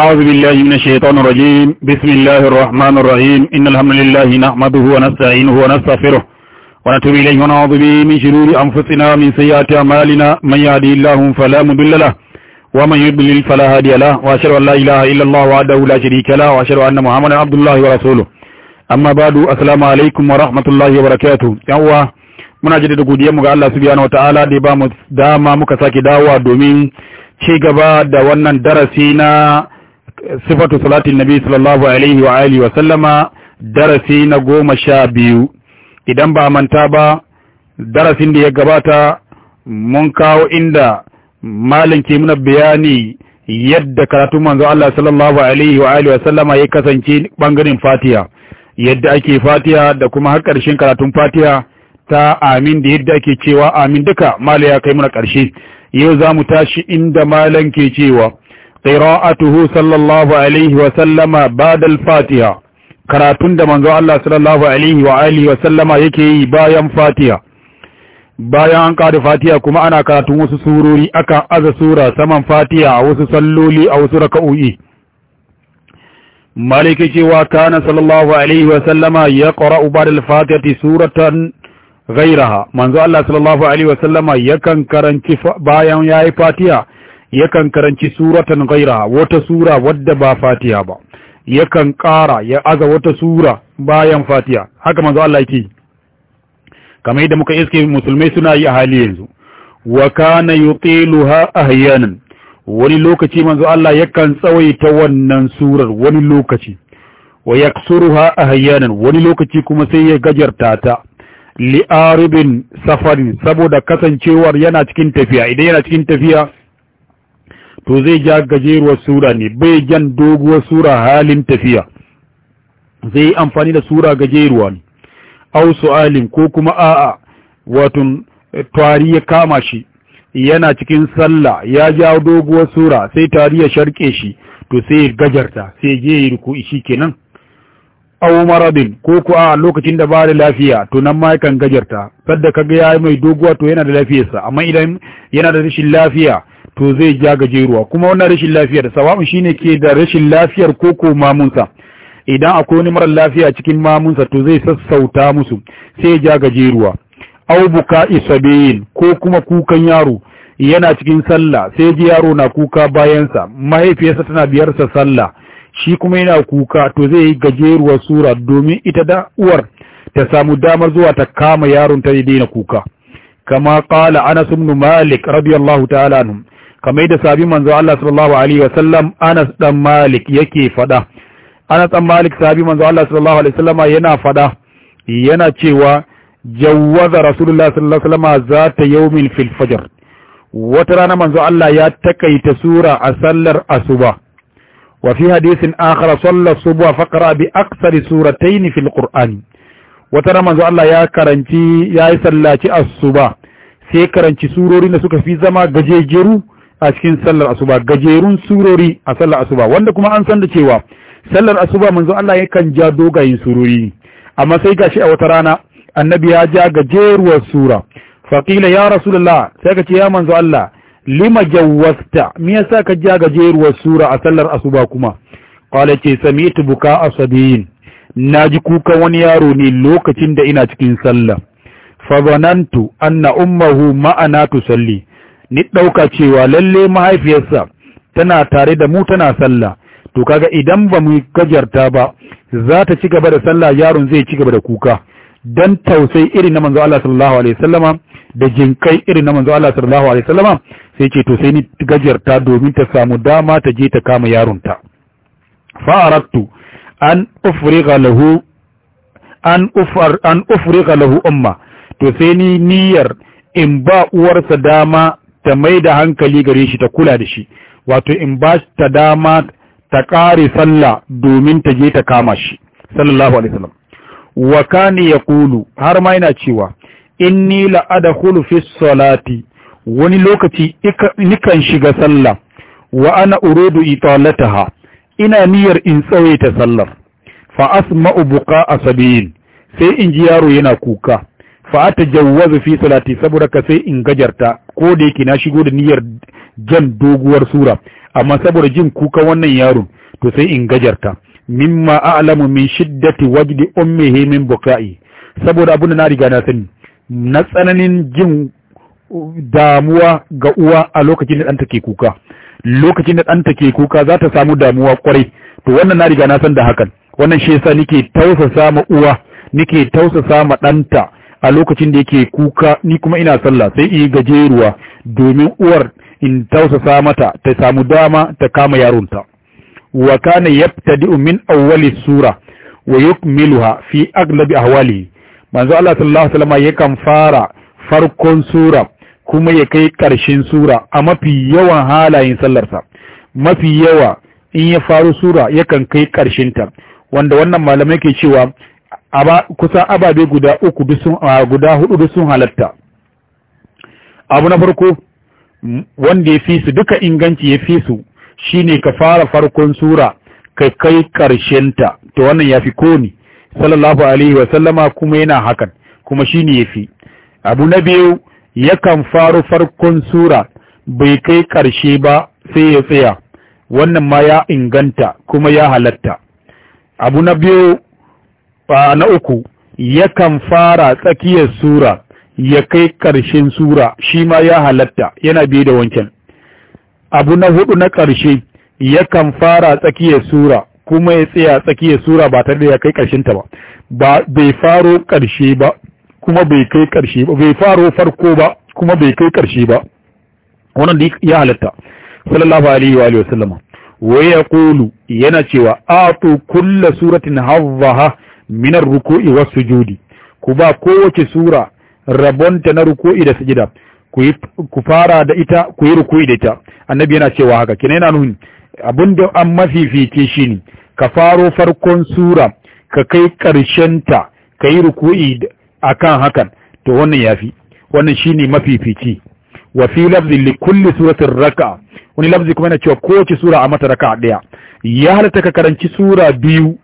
أعوذ بالله من الشيطان الرجيم بسم الله الرحمن الرحيم إن الحمد لله نحمده ونستعينه ونستغفره ونتوب إليه ونعوذ به من شرور أنفسنا من سيئات أعمالنا من يهدي الله فلا مضل له ومن يضلل فلا هادي له وأشهد أن لا إله إلا الله وحده لا شريك له وأشهد أن محمدا عبد الله ورسوله أما بعد السلام عليكم ورحمة الله وبركاته يا muna مناجد godiyarmu ga Allah subhanahu wataala da ya ba mu dama muka sake dawowa ci gaba da wannan darasi na sifatu salatin nabi sallallahu alaihi wa alihi wa sallama darasi na goma sha biyu idan ba manta ba darasin da ya gabata mun kawo inda malin ke muna bayani yadda karatu manzo Allah sallallahu alaihi wa alihi wa sallama ya kasance bangaren Fatiha yadda ake Fatiha da kuma har karshen karatun Fatiha ta amin da yadda ake cewa amin duka malai ya kai muna karshe yau za mu tashi inda malan ke cewa qira'atuhu sallallahu alaihi wa sallama ba'da al-fatiha karatun da manzo Allah sallallahu alaihi wa alihi wa sallama yake yi bayan fatiha bayan an kada fatiha kuma ana karatun wasu surori aka aza sura saman fatiha a wasu salloli a wasu raka'o'i maliki cewa kana sallallahu alaihi wa sallama ya qara'u ba'da al-fatihati suratan ghairaha manzo Allah sallallahu alaihi wa sallama yakan karanci bayan yayi fatiha yakan karanci suratan ghaira wata sura wadda ba fatiha ba yakan ƙara ya aza wata sura bayan fatiha haka manzo Allah yake kamar yadda muka iske musulmai suna yi a hali yanzu wa kana yutiluha ahyanan wani lokaci manzo Allah yakan tsawaita wannan surar wani lokaci wa yaksuruha ahyanan wani lokaci kuma sai ya gajarta ta li'aribin safarin saboda kasancewar yana cikin tafiya idan yana cikin tafiya to zai ja gajeruwar sura ne bai jan doguwar sura halin tafiya zai yi amfani da sura gajeruwa ne au su'alin ko kuma a'a wato eh, tari ya kama shi yana cikin sallah ya ja doguwar sura sai tari ya sharke shi to sai ya gajarta sai je yi shi kenan au maradin ko ko a lokacin da ba da lafiya to nan ma yakan gajarta sadda kaga yayi mai doguwa to yana da lafiyarsa amma idan yana da rashin lafiya to zai ja gajeruwa kuma wannan rashin lafiyar sawa'un shine ke da rashin lafiyar koko mamunsa idan akwai wani mara lafiya cikin mamunsa to zai sassauta musu sai ja gajeruwa au buka isabeyin ko kuma kukan yaro yana cikin sallah sai ji yaro na kuka bayansa mahaifiyarsa tana biyarsa sallah shi kuma yana kuka to zai yi gajeruwar sura domin ita da uwar ta samu damar zuwa ta kama yaron ta daina kuka kama qala Anas ibn Malik radiyallahu ta'ala anhu kamar da sabi manzo Allah sallallahu alaihi wa wasallam Anas dan Malik yake fada Anas dan Malik sabi manzo Allah sallallahu alaihi wa wasallam yana fada yana cewa jawwaza Rasulullah sallallahu alaihi wasallam zata yawmin fil fajr wata rana manzo Allah ya takaita sura a sallar asuba wa fi hadisin akhar salla subha faqra bi aksari suratayn fil qur'an wata rana manzo Allah ya karanci yayi sallaci asuba sai karanci surori da suka fi zama gajejeru a cikin sallar asuba gajerun surori a sallar asuba wanda kuma an san da cewa sallar asuba manzo Allah yakan ja dogayen surori amma sai gashi a wata rana annabi ya ja gajeruwar sura faqila ya rasulullah sai ka ce ya manzo Allah lima jawwasta me yasa ka ja gajeruwar sura a sallar asuba kuma qala ce sami'tu buka asabiyin naji kukan wani yaro ne lokacin da ina cikin sallah fa zanantu anna ummuhu ma'ana tusalli ni ɗauka cewa lalle mahaifiyarsa tana tare da mu tana sallah to kaga idan ba mu gajarta ba za ta ci gaba da sallah yaron zai ci gaba da kuka dan tausayi irin na manzo Allah sallallahu alaihi wasallama da jinkai irin na manzo Allah sallallahu alaihi wasallama sai ce to sai ni gajarta domin ta samu dama ta je ta kama yaronta fa aradtu an ufriga lahu an ufar an ufriga lahu umma to sai ni niyyar in ba uwarsa dama ta mai da hankali gare shi ta kula da shi wato in ba ta dama ta ƙare sallah domin ta je ta kama shi sallallahu alaihi wasallam wa kani kulu. har ma yana cewa inni la adkhulu fi salati wani lokaci nikan shiga sallah wa ana uridu italataha ina niyyar in tsawaita sallar fa asma'u buqa asabin sai in ji yaro yana kuka fa ta jawwaza fi salati saboda ka sai in gajarta ko da yake na shigo da niyyar jan doguwar sura amma saboda jin kuka wannan yaron to sai in gajarta mimma a'lamu min shiddati wajdi ummihi min buka'i saboda abun da na riga na sani na tsananin jin damuwa ga uwa a lokacin da ɗanta ke kuka lokacin da ɗanta ke kuka za ta samu damuwa kwarai to wannan na riga na san da hakan wannan shi yasa nake tausasa ma uwa nake tausasa ma ɗanta a lokacin da yake kuka ni kuma ina sallah sai in gajeruwa domin uwar in tausasa mata ta samu dama ta kama yaronta wa kana yabtadi'u min awwali sura wa yukmiluha fi aglabi ahwalihi manzo Allah sallallahu alaihi wasallam yakan fara farkon sura kuma ya kai karshen sura a mafi yawan halayen sallarsa mafi yawa in ya faru sura yakan kai karshen ta wanda wannan malamai ke cewa kusan ababe guda uku guda hudu da sun halatta abu na farko wanda ya fi su duka inganci ya fi su shine ka fara farkon sura ka kai ta to wannan ya fi koni sallallahu alaihi wa sallama kuma yana hakan kuma shine ya fi abu na biyu yakan faru farkon sura bai kai karshe ba sai ya tsaya wannan ma ya inganta kuma ya halatta abu na biyu na uku yakan fara tsakiyar sura ya kai ƙarshen sura shi ma ya halatta yana biye da wancan abu na hudu na ƙarshe yakan fara tsakiyar sura kuma ya tsaya tsakiyar sura ba tare da ya kai ƙarshen ta ba bai faro ƙarshe ba kuma bai kai ƙarshe ba bai faro farko ba kuma bai kai ƙarshe ba wannan da ya halatta sallallahu alaihi wa alihi wa yaqulu yana cewa atu kullu suratin hazzaha minar ruku'i wa sujudi ku ba kowace sura rabonta na ruku'i da sujuda ku fara da ita ku yi ruku'i da ita annabi yana cewa haka kina yana nuni abinda an mafifice shi ne ka faro farkon sura ka kai ta ka yi ruku'i akan hakan to wannan yafi wannan shine mafifici wa fi lafzin li kulli suratin raka wani lafzi kuma yana cewa kowace sura a mata raka daya ya halatta ka karanci sura biyu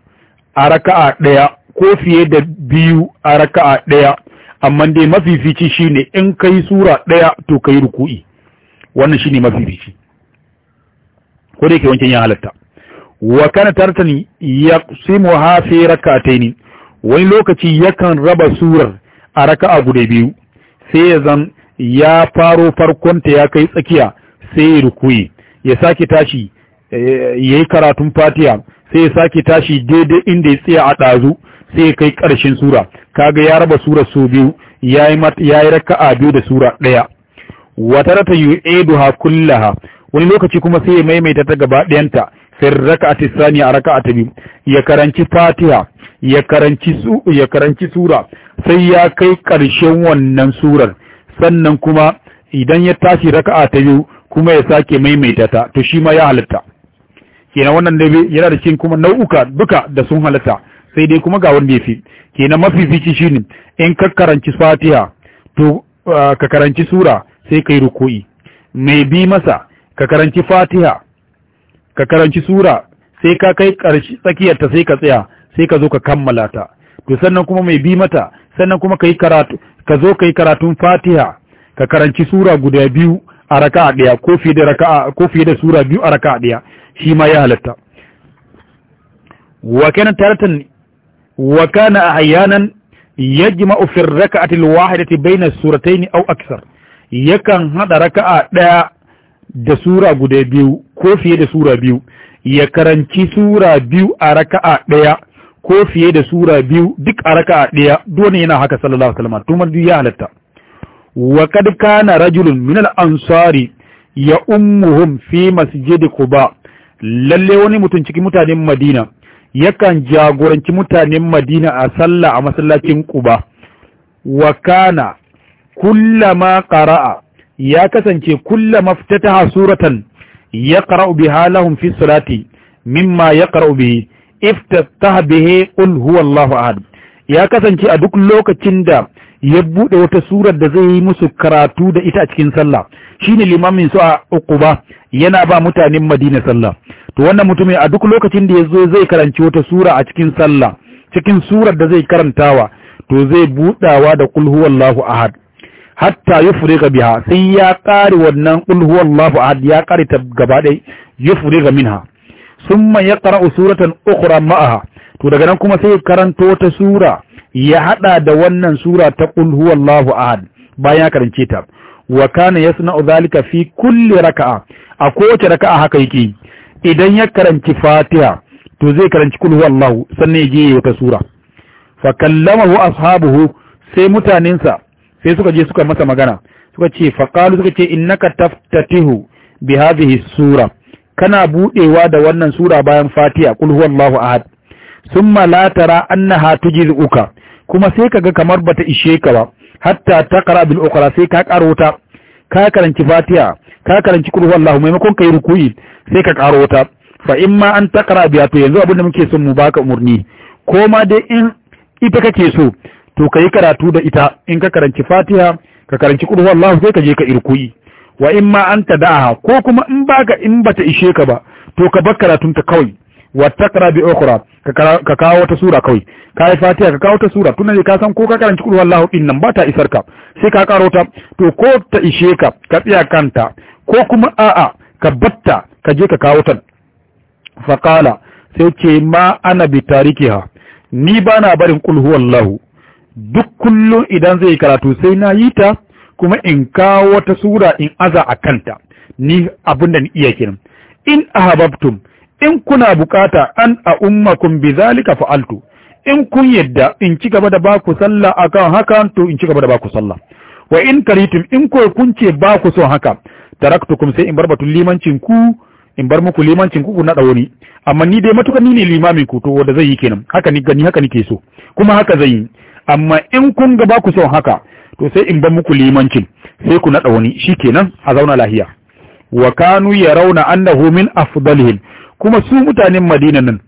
a raka'a ɗaya ko fiye da biyu a raka'a ɗaya amma dai mafifici shine in kai sura ɗaya to kai ruku'i wannan shine mafifici ko da yake wancan ya halatta wa kana tartani ya ha fi rak'atayn wani lokaci yakan raba surar a raka'a guda biyu sai ya zan ya faro farkon ta ya kai tsakiya sai ya rukuyi ya sake tashi eh, yayi karatun fatiha sai ya sake tashi daidai inda ya tsaya a ɗazu sai ya kai ƙarshen sura kaga ya raba surar so biyu ya yi raka'a biyu da sura ɗaya wata rata yu'iduha kullaha wani lokaci kuma sai ya maimaita ta gaba ɗayanta sai raka'ati saniya a raka'ata biyu ya karanci fatiha ya karanci su ya karanci sura sai ya kai ƙarshen wannan surar sannan kuma idan ya tashi raka'a ta biyu kuma ya sake maimaita ta to shi ma ya halatta kenan wannan ne yana da cikin kuma nau'uka duka da sun halatta sai dai kuma ga wanda ya fi. kenan mafifici shine in ka karanci fatiha to uh, ka karanci sura sai kai ruku'i mai bi masa ka karanci fatiha ka karanci sura sai ka kai tsakiyarta sai ka tsaya sai ka zo ka kammala ta to sannan kuma mai bi mata sannan kuma yi karatu ka zo yi karatun fatiha ka karanci sura guda biyu a raka'a daya ko fiye da ko fiye da sura biyu a a ɗaya shi ma ya halatta wa kana taratan wa kana ahyanan yajma'u fi ar-raka'ati al-wahidati bayna as-suratayn aw aksar yakan hada raka'a daya da sura guda biyu ko fiye da sura biyu ya karanci sura biyu a raka'a daya ko fiye da sura biyu duk a raka'a daya dole yana haka sallallahu alaihi wasallam Tumar biyu ya halatta wa kad kana rajulun min al-ansari ya ummuhum fi masjid quba lalle wani mutum cikin mutanen madina yakan jagoranci mutanen madina a sallah a masallacin quba wa kana kullama qara'a ya kasance kullama ftataha suratan yaqra'u biha lahum fi salati mimma yaqra'u bihi iftataha bihi qul huwallahu ahad ya kasance a duk lokacin da ya buɗe wata surar da zai yi musu karatu da ita a cikin sallah shi ne limamin su a ba yana ba mutanen Madina sallah to wannan mutumin a duk lokacin da ya zo zai karanci wata sura a cikin sallah cikin surar da zai karantawa to zai buɗawa da qul huwallahu ahad hatta ga biha sai ya ƙare wannan qul huwallahu ahad ya ƙare ta gaba ɗaya yufriga minha summa yaqra'u suratan ukhra ma'aha to daga nan kuma sai karanto wata sura ya hada da wannan sura ta qul huwallahu ahad bayan ya karance ta wa kana yasna'u zalika fi kulli raka'a a kowace raka'a haka yake idan ya karanci fatiha to zai karanci qul huwallahu sannan ya je wata sura fa kallamahu ashabuhu sai mutanensa sai suka je suka masa magana suka ce faqalu suka ce innaka taftatihu bi hadhihi sura kana budewa da wannan sura bayan fatiha qul huwallahu ahad summa la tara annaha tujzi'uka kuma sai ka ga kamar bata ishe ka ba hatta ta taqra bil ukhra sai ka karo ka karanci fatiha ka karanci qul huwallahu maimakon kai ruku'i sai ka karo Fa fa ma an ta ƙara biya to yanzu abin da muke son mu baka umurni ko ma dai in ita kake so to kai karatu da ita in ka karanci fatiha ka karanci qul Allahu sai ka je ka irkuyi wa ma an ta tadaha ko kuma in baka in bata ishe ka ba to ka bar karatunta kawai wa taqra bi ukhra ka kawo wata sura kawai kai fatiha ka kawo wata sura tun ne ka san ko ka karanci kullu wallahu in nan ba isar ka sai ka karo ta to ko ta ishe ka ka tsaya kanta ko kuma a'a ka batta ka je ka kawo ta fa qala sai ce ma ana bi tarikiha ni ba na barin kullu wallahu duk kullun idan zai karatu sai na yi ta kuma in kawo wata sura in aza a kanta ni abin da ni iya kiran in ahabbtum in kuna bukata an a kun bi zalika fa'altu in kun yadda in ci gaba da ba ku sallah akan haka to in ci gaba da ba ku sallah wa in karitum in ko kun ce ba ku son haka taraktukum sai in bar batun limancin ku in bar muku limancin ku na wani amma ni dai matuka ni ne limamin ku to wanda zai yi kenan haka ni gani haka nike so kuma haka zai yi amma in kun ga ba ku son haka to sai in bar muku limancin sai ku naɗa wani shikenan a zauna lahiya wa kanu yarawna annahu min afdalihim kuma su mutanen madina nan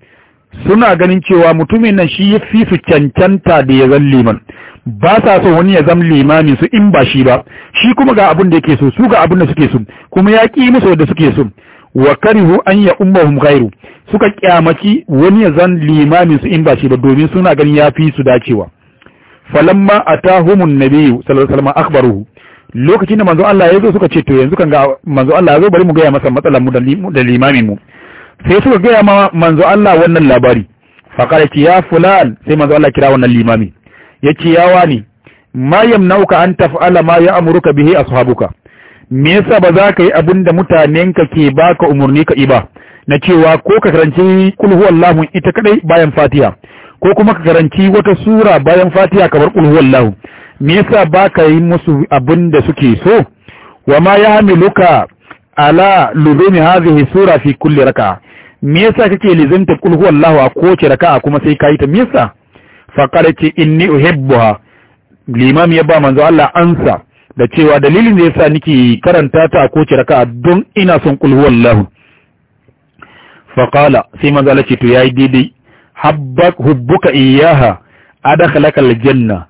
suna ganin cewa mutumin nan shi ya fi su cancanta da ya zan liman ba sa so wani ya zan limamin su in ba shi ba shi kuma ga abin da yake so su ga abin da suke so kuma ya ki musu da suke so wa karihu an ya ummahum ghairu suka kyamaci wani ya zan limamin su in ba shi ba domin suna ganin ya fi su dacewa falamma atahumun nabiyyu sallallahu alaihi wasallam akhbaruhu lokacin da manzo Allah ya zo suka ce to yanzu kan ga manzo Allah ya zo bari mu ga masa matsalar mu da limamin mu sai suka gaya ma manzo Allah wannan labari faqala ce ya fulal sai manzo Allah kira wannan limami ce ya wani ma yamnauka an tafi taf'ala ma bihe bihi suhabuka me yasa ba za ka yi abin da mutanenka ke baka umarni ka iba na cewa ko ka karanci kulhu wallahu ita kadai bayan fatiha ko kuma ka karanci wata sura bayan fatiya kamar kulhu wallahu. me yasa ba ka yi musu abin da suke so wa ma ya'miluka ala lulumi hadhihi sura fi kulli raka'a me yasa kake lizanta kul huwallahu a kowace raka'a kuma sai kayi ta me yasa inni uhibbuha limam ya ba manzo Allah ansa da cewa dalilin da yasa nake karanta ta a kowace raka'a don ina son kul huwallahu faqala sai manzo Allah ce to yayi daidai habbak hubbuka iyyaha adkhalaka aljanna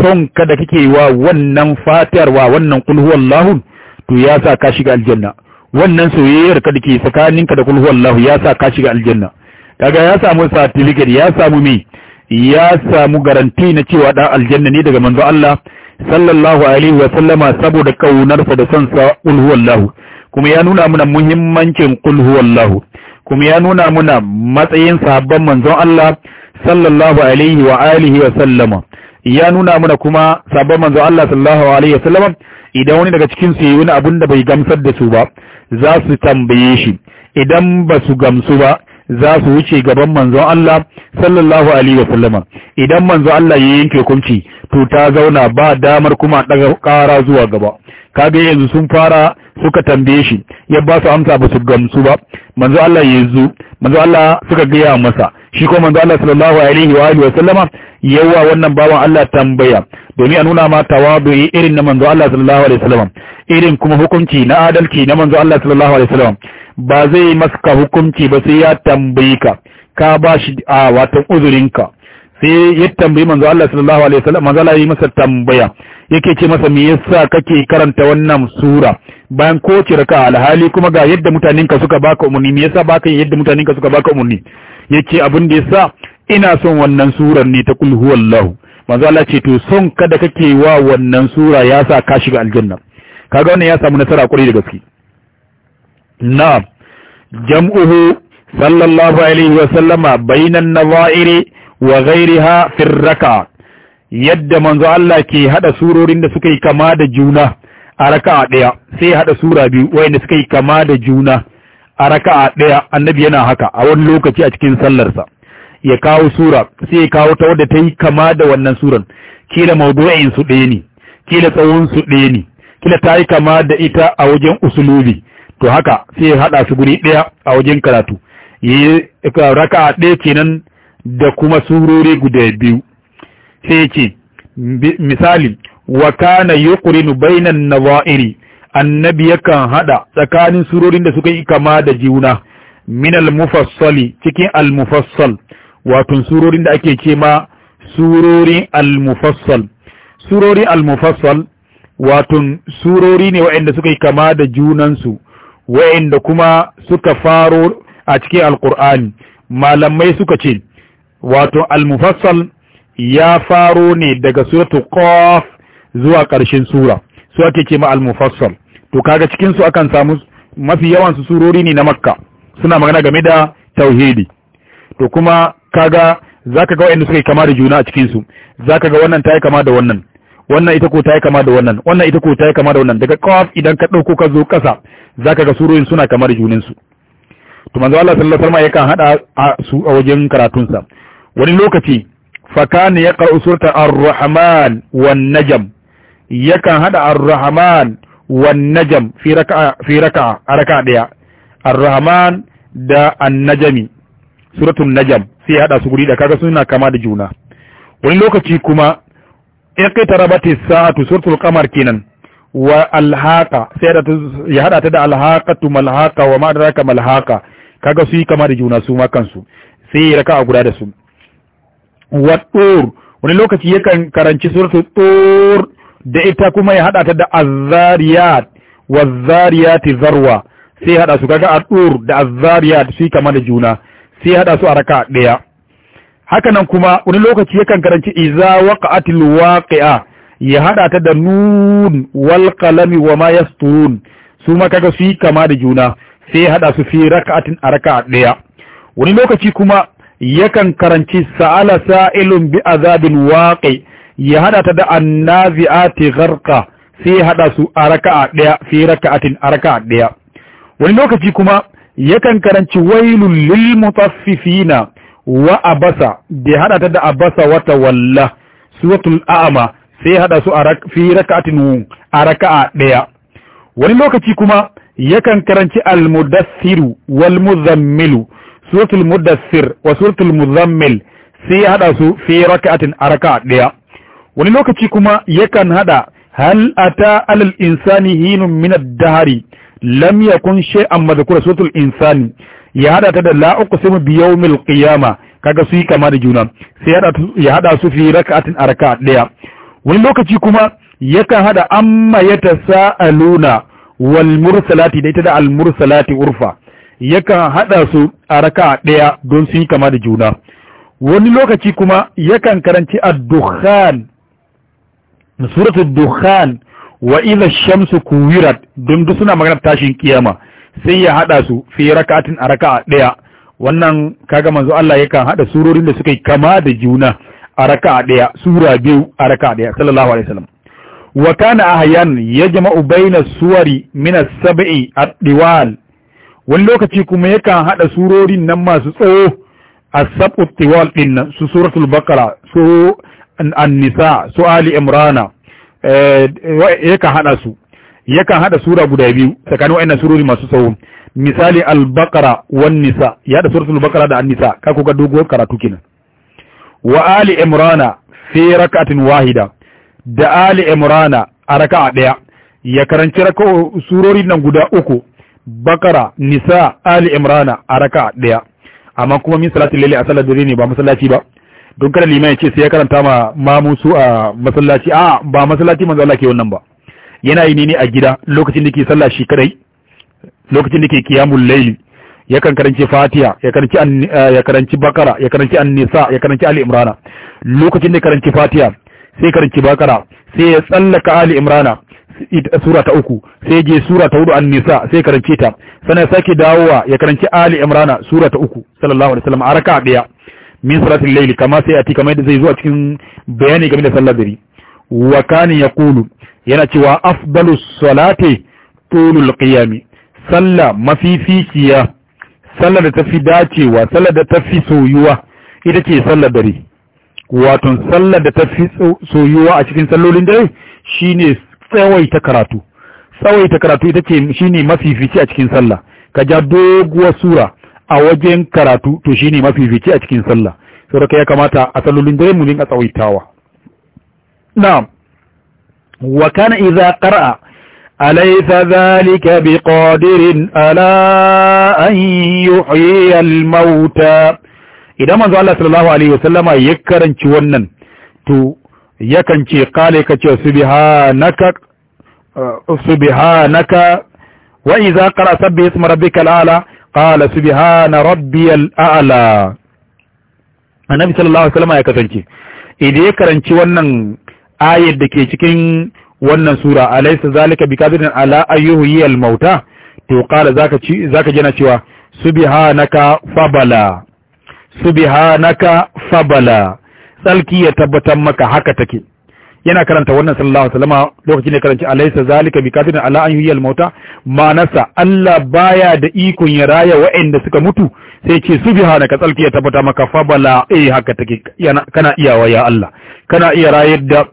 son kada kake wa wannan fatarwa wannan kul huwallahu to ya sa ka shiga aljanna wannan soyayyar ka dake tsakaninka da kul huwallahu ya sa ka shiga aljanna kaga ya samu certificate ya samu me ya samu garanti na cewa dan aljanna ne daga manzo Allah sallallahu alaihi wa sallama saboda kaunarsa da son sa kul kuma ya nuna mana muhimmancin kul huwallahu kuma ya nuna mana matsayin sahabban manzon Allah sallallahu alaihi wa alihi wa sallama ya nuna mana kuma sabon manzo Allah sallallahu alaihi wasallam idan wani daga cikin su yi wani abun da bai gamsar da su ba za su tambaye shi idan ba su gamsu ba za su wuce gaban manzo Allah sallallahu alaihi wasallam idan manzo Allah ya yanke hukunci to ta zauna ba damar kuma daga kara zuwa gaba kaga yanzu sun fara suka tambaye shi ya ba su amsa ba su gamsu ba manzo Allah yanzu manzo Allah suka gaya masa shi ko manzo Allah sallallahu alaihi wa alihi wa sallama yawa wannan bawan Allah tambaya domin a nuna ma tawadu'i irin na manzo Allah sallallahu alaihi wa sallama irin kuma hukunci na adalci na manzo Allah sallallahu alaihi wa sallama ba zai maka hukunci ba sai ya tambayi ka ka ba shi a watan uzurinka sai ya tambayi manzo Allah sallallahu alaihi sallama manzo Allah yi masa tambaya yake ce masa me yasa kake karanta wannan sura bayan ko kirka alhali kuma ga yadda mutanen ka suka baka umurni me yasa baka yadda mutanen ka suka baka umurni yace abin da yasa ina son wannan surar ne ta kul huwallahu manzo Allah ce to son kada kake wa wannan sura ya sa ka shiga aljanna kaga wannan ya samu nasara kuri da gaske na jam'uhu sallallahu alaihi wa sallama bainan nawairi wa ghairiha fi raka yadda manzo Allah ke hada surorin da suka yi kama da juna a raka'a daya sai hada sura biyu wayanda suka yi kama da juna a raka'a ɗaya annabi yana haka a wani lokaci a cikin sallarsa ya kawo sura sai ya kawo ta wadda ta yi kama da wannan suran kila maudu'in su ɗaya ne kila tsawon su ɗaya ne kila ta yi kama da ita a wajen usulubi to haka sai ya haɗa su guri ɗaya a wajen karatu yi raka ɗaya kenan da kuma surori guda biyu sai ya ce misali wa kana yuqrinu bainan nawairi annabi yakan hada tsakanin surorin da suka yi kama da juna min mufassali cikin al-mufassal wato surorin da ake ce ma surorin al-mufassal surorin al-mufassal wato surori ne waɗanda suka yi kama da junansu waɗanda kuma suka faro a cikin alkur'ani malamai suka ce wato al-mufassal ya faro ne daga suratul qaf zuwa ƙarshen sura su ake ce ma al-mufassal to kaga cikin su akan samu mafi yawan su surori ne na makka suna magana game da tauhidi to kuma kaga zaka ga wayanda suka yi kama da juna a cikin su zaka ga wannan tayi kama da wannan wannan ita ko tayi kama da wannan wannan ita ko tayi kama da wannan daga qaf idan ka dauko ka zo kasa zaka ga surorin suna kama da junin su to manzo Allah sallallahu alaihi wasallam yakan hada su a wajen karatun sa wani lokaci fakani yaqra surata ar-rahman wan najm yakan hada ar-rahman wan najam fi raka'a fi raka'a a daya ar da an-najmi suratul najam sai ya hada su guri da kaga suna kama da juna wani lokaci kuma iqtarabati sa'atu suratul qamar kenan wa alhaqa sai da ya hada ta da alhaqatu malhaqa wa ma adraka malhaqa kaga su yi kama da juna su kansu sai ya guda da su wani lokaci yakan karanci suratul tur da ita kuma ya hada ta da azzariyat wa zariyati zarwa sai hada su kaga adur da azzariyat shi kama da juna sai hada su a raka daya haka nan kuma wani lokaci yakan karanci iza waqa'atil waqi'a ya hada ta da nun wal qalami wa ma yasturun su ma kaga su kama da juna sai hada su fi raka'atin a raka daya wani lokaci kuma yakan karanci sa'ala sa'ilun bi azabin waqi' ya hada ta da annazi'ati gharqa sai hada su a raka'a daya fi raka'atin a raka'a daya wani lokaci kuma yakan karanci wailul lil mutaffifina wa abasa da hada ta da abasa wata walla suratul a'ma sai hada su a fi raka'atin a raka'a daya wani lokaci kuma yakan karanci al-mudassiru wal muzammilu suratul mudassir wa suratul muzammil sai ya hada su fi raka'atin a raka'a daya wani lokaci kuma yakan hada hal ata alal insani hinun mina dahari lamya lam yakun shay'an madhkura suratul insani ya hada ta da la uqsimu bi yawmil qiyama kaga su yi kama da juna sai ya hada su fi rak'atin arka daya wani lokaci kuma yakan hada amma yatasaaluna wal mursalati da ita da al mursalati urfa yakan hada su a raka daya don su yi kama da juna wani lokaci kuma yakan karanci ad-dukhan suratu suratul dukhan wa idha shamsu kuwirat don duk suna magana tashin kiyama sai ya hada su fi rakatin a raka'a daya wannan kaga manzo Allah yakan hada surorin da suka yi kama da juna a raka'a daya sura biyu a raka'a daya sallallahu alaihi wasallam wa kana ahyan yajma'u baina suwari min as-sab'i ad-diwal wani lokaci kuma yakan hada surorin nan masu tsawo as-sab'u ad-diwal din su suratul baqara su annisa su ali imrana eh, yakan hada su yakan hada sura guda biyu tsakanin wayannan surori masu tsawo misali al-baqara wan nisa ya da suratul baqara da an-nisa ka kuga dogo karatu kenan wa ali imrana fi rak'atin wahida da ali imrana a raka'a daya ya karanci surori nan guda uku bakara nisa ali imrana a raka'a daya amma kuma min salatul layli a salat dare ne ba masallaci ba don kada liman ya ce sai ya karanta ma mamu su a masallaci a ba masallaci manzo Allah ke wannan ba yana yi ne a gida lokacin da ke sallah shi kadai lokacin da ke qiyamul layli yakan karanci fatiha ya karanci eh, ya karanci bakara ya karanci an-nisa ya karanci ali imrana lokacin da karanci fatiha sai karanci bakara sai ya tsallaka ali imrana sura ta uku sai je sura ta hudu an-nisa sai karanci ta sannan sake dawowa ya karanci ali imrana sura ta uku sallallahu alaihi wasallam araka daya min salatin layli kama sai ati kamar yadda zai zuwa cikin bayani game da sallar dare wa ya kulu yana cewa afdalu salati tulul qiyami sallah mafificiya sallar da tafi dacewa sallar da tafi soyuwa ita ce sallar dare wato sallar da tafi soyuwa a cikin sallolin dare shine tsawaita karatu tsawaita karatu ita ce shine mafifici a cikin sallah ka ja doguwar sura a wajen karatu to shi shine mafifici a cikin sallah saboda ya kamata a sallolin dare mu a tsawaitawa na'am wa kana idza qara'a alaysa dhalika biqadirin ala an yi al-mauta idan manzo Allah sallallahu alaihi wasallama ya karanci wannan to yakan ce kale ka ce subhanaka uh, subhanaka wa idza qara'a sabbihisma rabbikal a'la qala subhana rabbiyal a'la annabi sallallahu alaihi wasallam ya kasance idan ya karanci wannan ayar da ke cikin wannan sura alaysa zalika bikadirin ala ayyuhi al mauta to qala zaka ci zaka jana cewa subhanaka fabala subhanaka fabala salki ya tabbatar maka haka take yana karanta wannan sallallahu alaihi wasallam lokacin da karanta alaysa zalika kafirin ala an yuhiyal mauta manasa Allah baya da ikon ya raya waɗanda suka mutu sai ce ka tsalki ya tabbata maka fa bala eh haka take kana iyawa ya Allah kana iya rayar da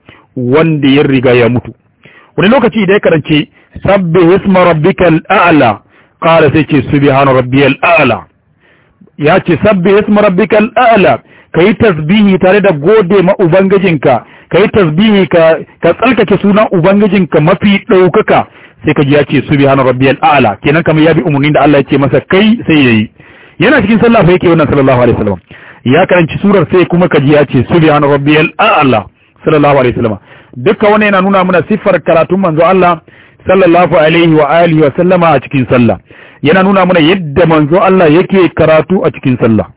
wanda ya riga ya mutu wani lokaci idan ya karanci sabbih isma rabbikal a'la qala sai ce subhana rabbiyal a'la ya ce sabbih isma rabbikal a'la ka yi tasbihi tare da gode ma ubangijinka ka yi tasbihi ka tsarkake sunan ubangijinka mafi ɗaukaka sai ka ji ya ce su subhana rabbiyar a'la kenan kamar ya bi umarnin da Allah ya ce masa kai sai ya yi yana cikin sallah fa yake wannan sallallahu alaihi wasallam ya karanci surar sai kuma ka ji ya ce su subhana rabbiyar a'la sallallahu alaihi wasallam dukkan wannan yana nuna mana siffar karatun manzo Allah sallallahu alaihi wa alihi wa sallama a cikin sallah yana nuna mana yadda manzo Allah yake karatu a cikin sallah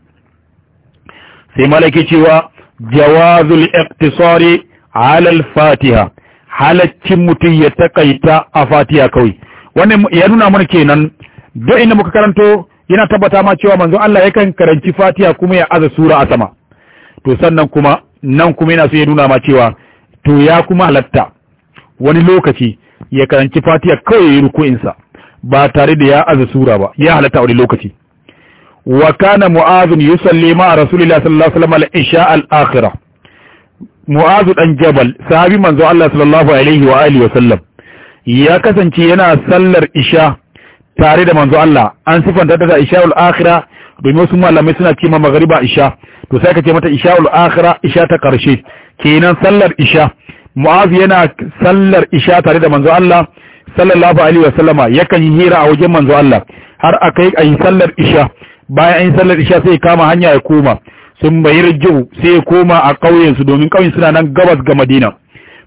sai malaki cewa jawazul iqtisari ala al-fatiha halaccin mutum ya takaita a fatiha kawai wannan ya nuna mana kenan duk inda muka karanto yana tabbata ma cewa manzon Allah yakan karanci fatiha kuma ya aza sura a sama to sannan kuma nan kuma yana so ya nuna ma cewa to ya kuma halatta wani lokaci ya karanci fatiha kawai ya ruku'insa ba tare da ya aza sura ba ya halatta wani lokaci wa kana mu'adh yusalli ma rasulillahi sallallahu alaihi wasallam al-isha al-akhirah mu'adh dan jabal sahabi manzo Allah sallallahu alaihi wa alihi wasallam ya kasance yana sallar isha tare da manzo Allah an sifanta ta da isha'ul akhira domin wasu malamai suna ce ma magariba isha to sai ka ce mata isha'ul akhira isha ta karshe kenan sallar isha mu'az yana sallar isha tare da manzo Allah sallallahu alaihi wa sallama yakan yi hira a wajen manzo Allah har akai ayi sallar isha bayan an yi sallar isha sai ya kama hanya ya koma sun bayar jihu sai ya koma a ƙauyensu domin ƙauyen suna nan gabas ga madina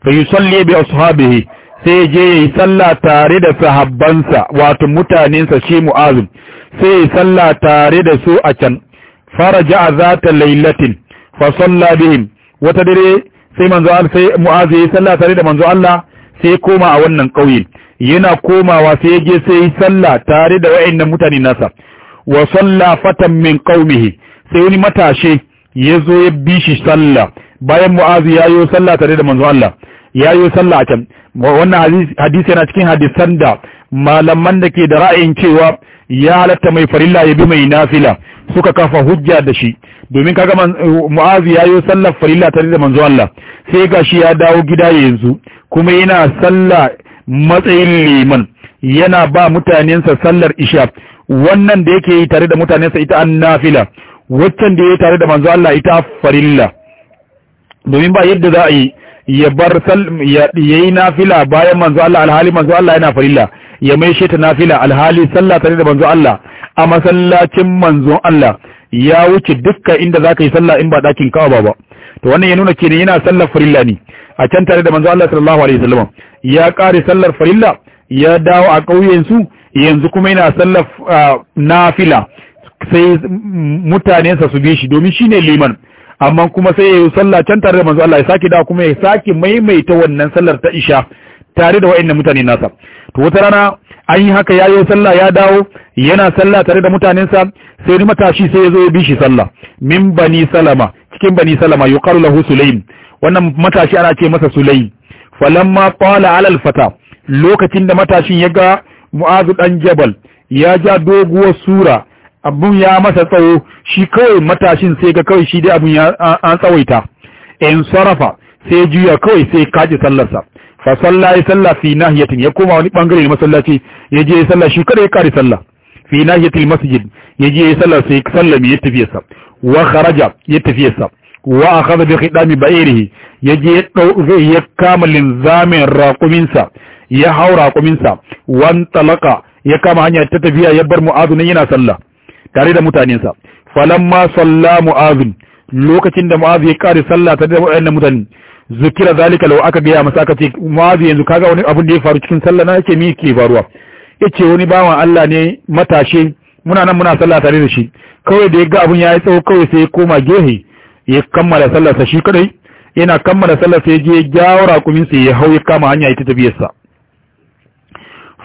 fa yi bi ashabihi sai je ya yi sallah tare da sahabbansa wato mutanensa shi mu'azin sai ya yi sallah tare da su a can faraja a zata lailatin fa salla bihim wata dare sai manzo Allah sai mu'azi ya yi sallah tare da manzo Allah sai koma a wannan ƙauye yana komawa sai ya je sai ya yi sallah tare da wa'annan mutane nasa wa salla fatan min qaumihi sai wani matashi ya zo ya bi shi sallah bayan mu'azi ya yi salla tare da manzo Allah ya yi salla a can wannan hadisi yana cikin hadisan da malaman da ke da ra'ayin cewa ya halatta mai farilla ya bi mai nafila suka kafa hujja da shi domin kaga mu'azi ya yi sallar farilla tare da manzo Allah sai gashi ya dawo gida yanzu kuma yana salla matsayin liman yana ba mutanensa sallar isha wannan da yake yi tare da mutanensa ita an nafila waccan da yake tare da manzo Allah ita farilla domin ba yadda za a yi ya bar sal ya yi nafila bayan manzo Allah alhali manzo Allah yana farilla ya mai shi ta nafila alhali sallah tare da manzo Allah a masallacin manzo Allah ya wuce dukkan inda zaka yi sallah in ba dakin kawa ba to wannan ya nuna kenan yana sallar farilla ne a can tare da manzo Allah sallallahu alaihi wasallam ya kare sallar farilla ya dawo a ƙauyensu yanzu kuma yana sallar nafila sai mutanensa su bi shi domin shine liman amma kuma sai ya yi sallah can tare da manzo Allah ya sake da kuma ya sake maimaita wannan sallar ta isha tare da wa'annan mutane nasa to wata rana an yi haka yayo sallah ya dawo yana sallah tare da mutanensa sai ni matashi sai ya zo ya bi shi sallah min bani salama cikin bani salama yuqalu lahu sulaim wannan matashi ana ce masa sulaim falamma qala ala alfata lokacin da matashin ya ga mu'azu dan jabal ya ja doguwar sura abun ya masa tsawo shi kawai matashin sai ga kawai shi dai abun ya an tsawaita in sarrafa sai juya kawai sai kaji sallarsa fa sallah ya sallah fi nahiyatin ya koma wani bangare na masallaci ya je ya sallah shi kada ya kare sallah fi nahiyatil masjid ya je ya sallah sai sallami ya tafi sa wa kharaja ya tafi sa wa akhadha bi khidami ba'irihi ya je ya kama linzamin raquminsa ya haura kuminsa wan talaka ya kama hanya ta tafiya ya bar mu'adh nan yana sallah tare da mutanensa falamma salla mu'adh lokacin da mu'adh ya kare sallah tare da wayannan mutane zukira zalika law aka biya masa aka ce mu'adh yanzu kaga wani abin da ya faru cikin sallah na yake miki ke faruwa yace wani bawan Allah ne matashe muna nan muna sallah tare da shi kawai da ya ga abun yayi tsawo kawai sai ya koma gehe ya kammala sallarsa shi kadai yana kammala sallar sai je ya gyara kumin ya hau ya kama hanya ita tafiyarsa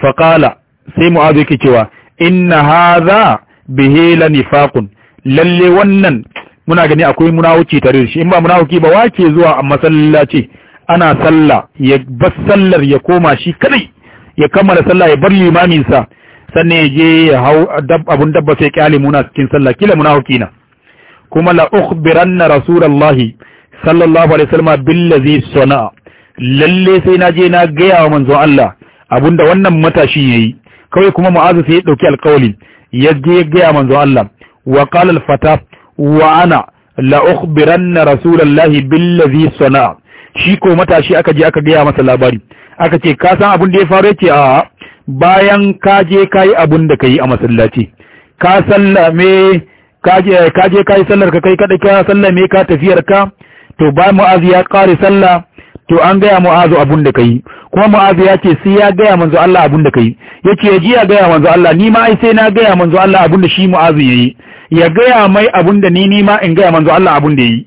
faƙala sai mu'azu yake cewa inna haza bihi la nifaqun lalle wannan muna gani akwai munawuci tare da shi in ba munawuki ba wake zuwa a masallaci ana sallah ya bar sallar ya koma shi kadai ya kammala sallah ya bar limamin sa sannan ya je ya hau abun dabba sai kyale muna cikin salla kila munawuki na kuma la na rasulullahi sallallahu alaihi wasallam billazi sana'a lalle sai na je na gaya wa manzon Allah abinda wannan matashin yayi kawai kuma mu'azu sai ya dauki alƙawali ya je ga manzon Allah wa qala al-fata wa ana la ukhbiranna rasulallahi billazi sana'a shi ko matashi aka je aka gaya masa labari aka ce ka san abin da ya faru yake a bayan ka je kai abin da kai a masallaci ka sallame ka je kai sallar ka kai kada ka sallame ka tafiyar ka to ba mu'az ya kare sallah to an gaya mu'azu abun da kai kuma mu'azu ya ce sai ya gaya manzo Allah abun da kai yace ya ji ya gaya manzo Allah ni ma ai sai na gaya manzo Allah abun da shi mu'azu yayi ya gaya mai abun da ni ni ma in gaya manzo Allah abun da yayi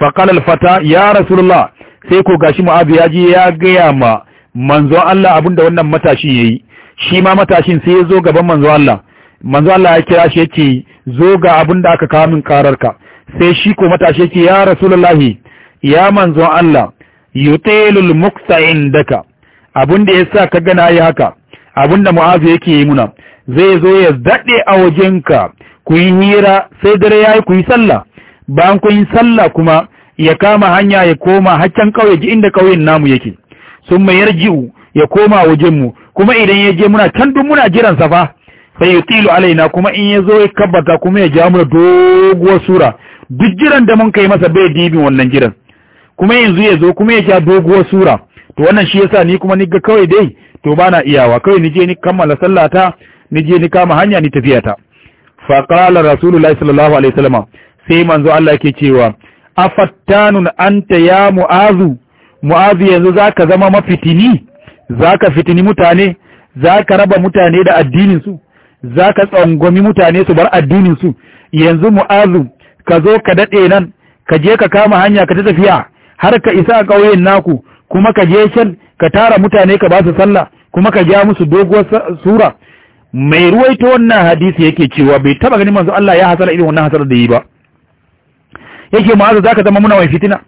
fa qala al-fata ya rasulullah sai ko gashi mu'azu ya ji ya gaya ma manzo Allah abun da wannan matashi yayi shi ma matashin sai ya zo gaban manzo Allah manzo Allah ya kira shi yace zo ga abun da aka kawo min kararka sai shi ko matashi yake ya rasulullahi ya manzo Allah yutilul muksa indaka abun da yasa ka gana yi haka abun da mu'azu yake yi muna zai zo ya dade a wajenka ku yi hira sai dare yayi ku yi sallah bayan ku yi sallah kuma ya kama hanya ya koma haccan kauye ji inda kauyen namu yake sun mai yarji'u ya koma wajen mu kuma idan ya je muna can duk muna jiran sa fa sai yutilu alaina kuma in ya zo ya kabbata kuma ya ja mu doguwar sura duk jiran da mun kai masa bai dibin wannan jiran kuma yanzu ya zo kuma ya ja doguwar sura to wannan shi yasa ni kuma ni ga kawai dai to bana iyawa kawai ni je ni kammala sallata ni je ni kama hanya ni tafiya ta fa qala rasulullahi sallallahu alaihi wasallam sai manzo Allah yake cewa afattanun anta ya mu'azu mu'azu yanzu zaka zama mafitini zaka fitini mutane zaka raba mutane da addinin su zaka tsangwami mutane su bar addinin su yanzu mu'azu ka zo ka dade nan ka je ka kama hanya ka ta tafiya har ka isa a ƙauyen naku kuma ka je can ka tara mutane ka ba su sallah kuma ka ja musu doguwar sura mai ruwaito wannan hadisi yake cewa bai taba ganin manzo Allah ya hasara irin wannan hasarar da yi ba yake za ka zama muna mai fitina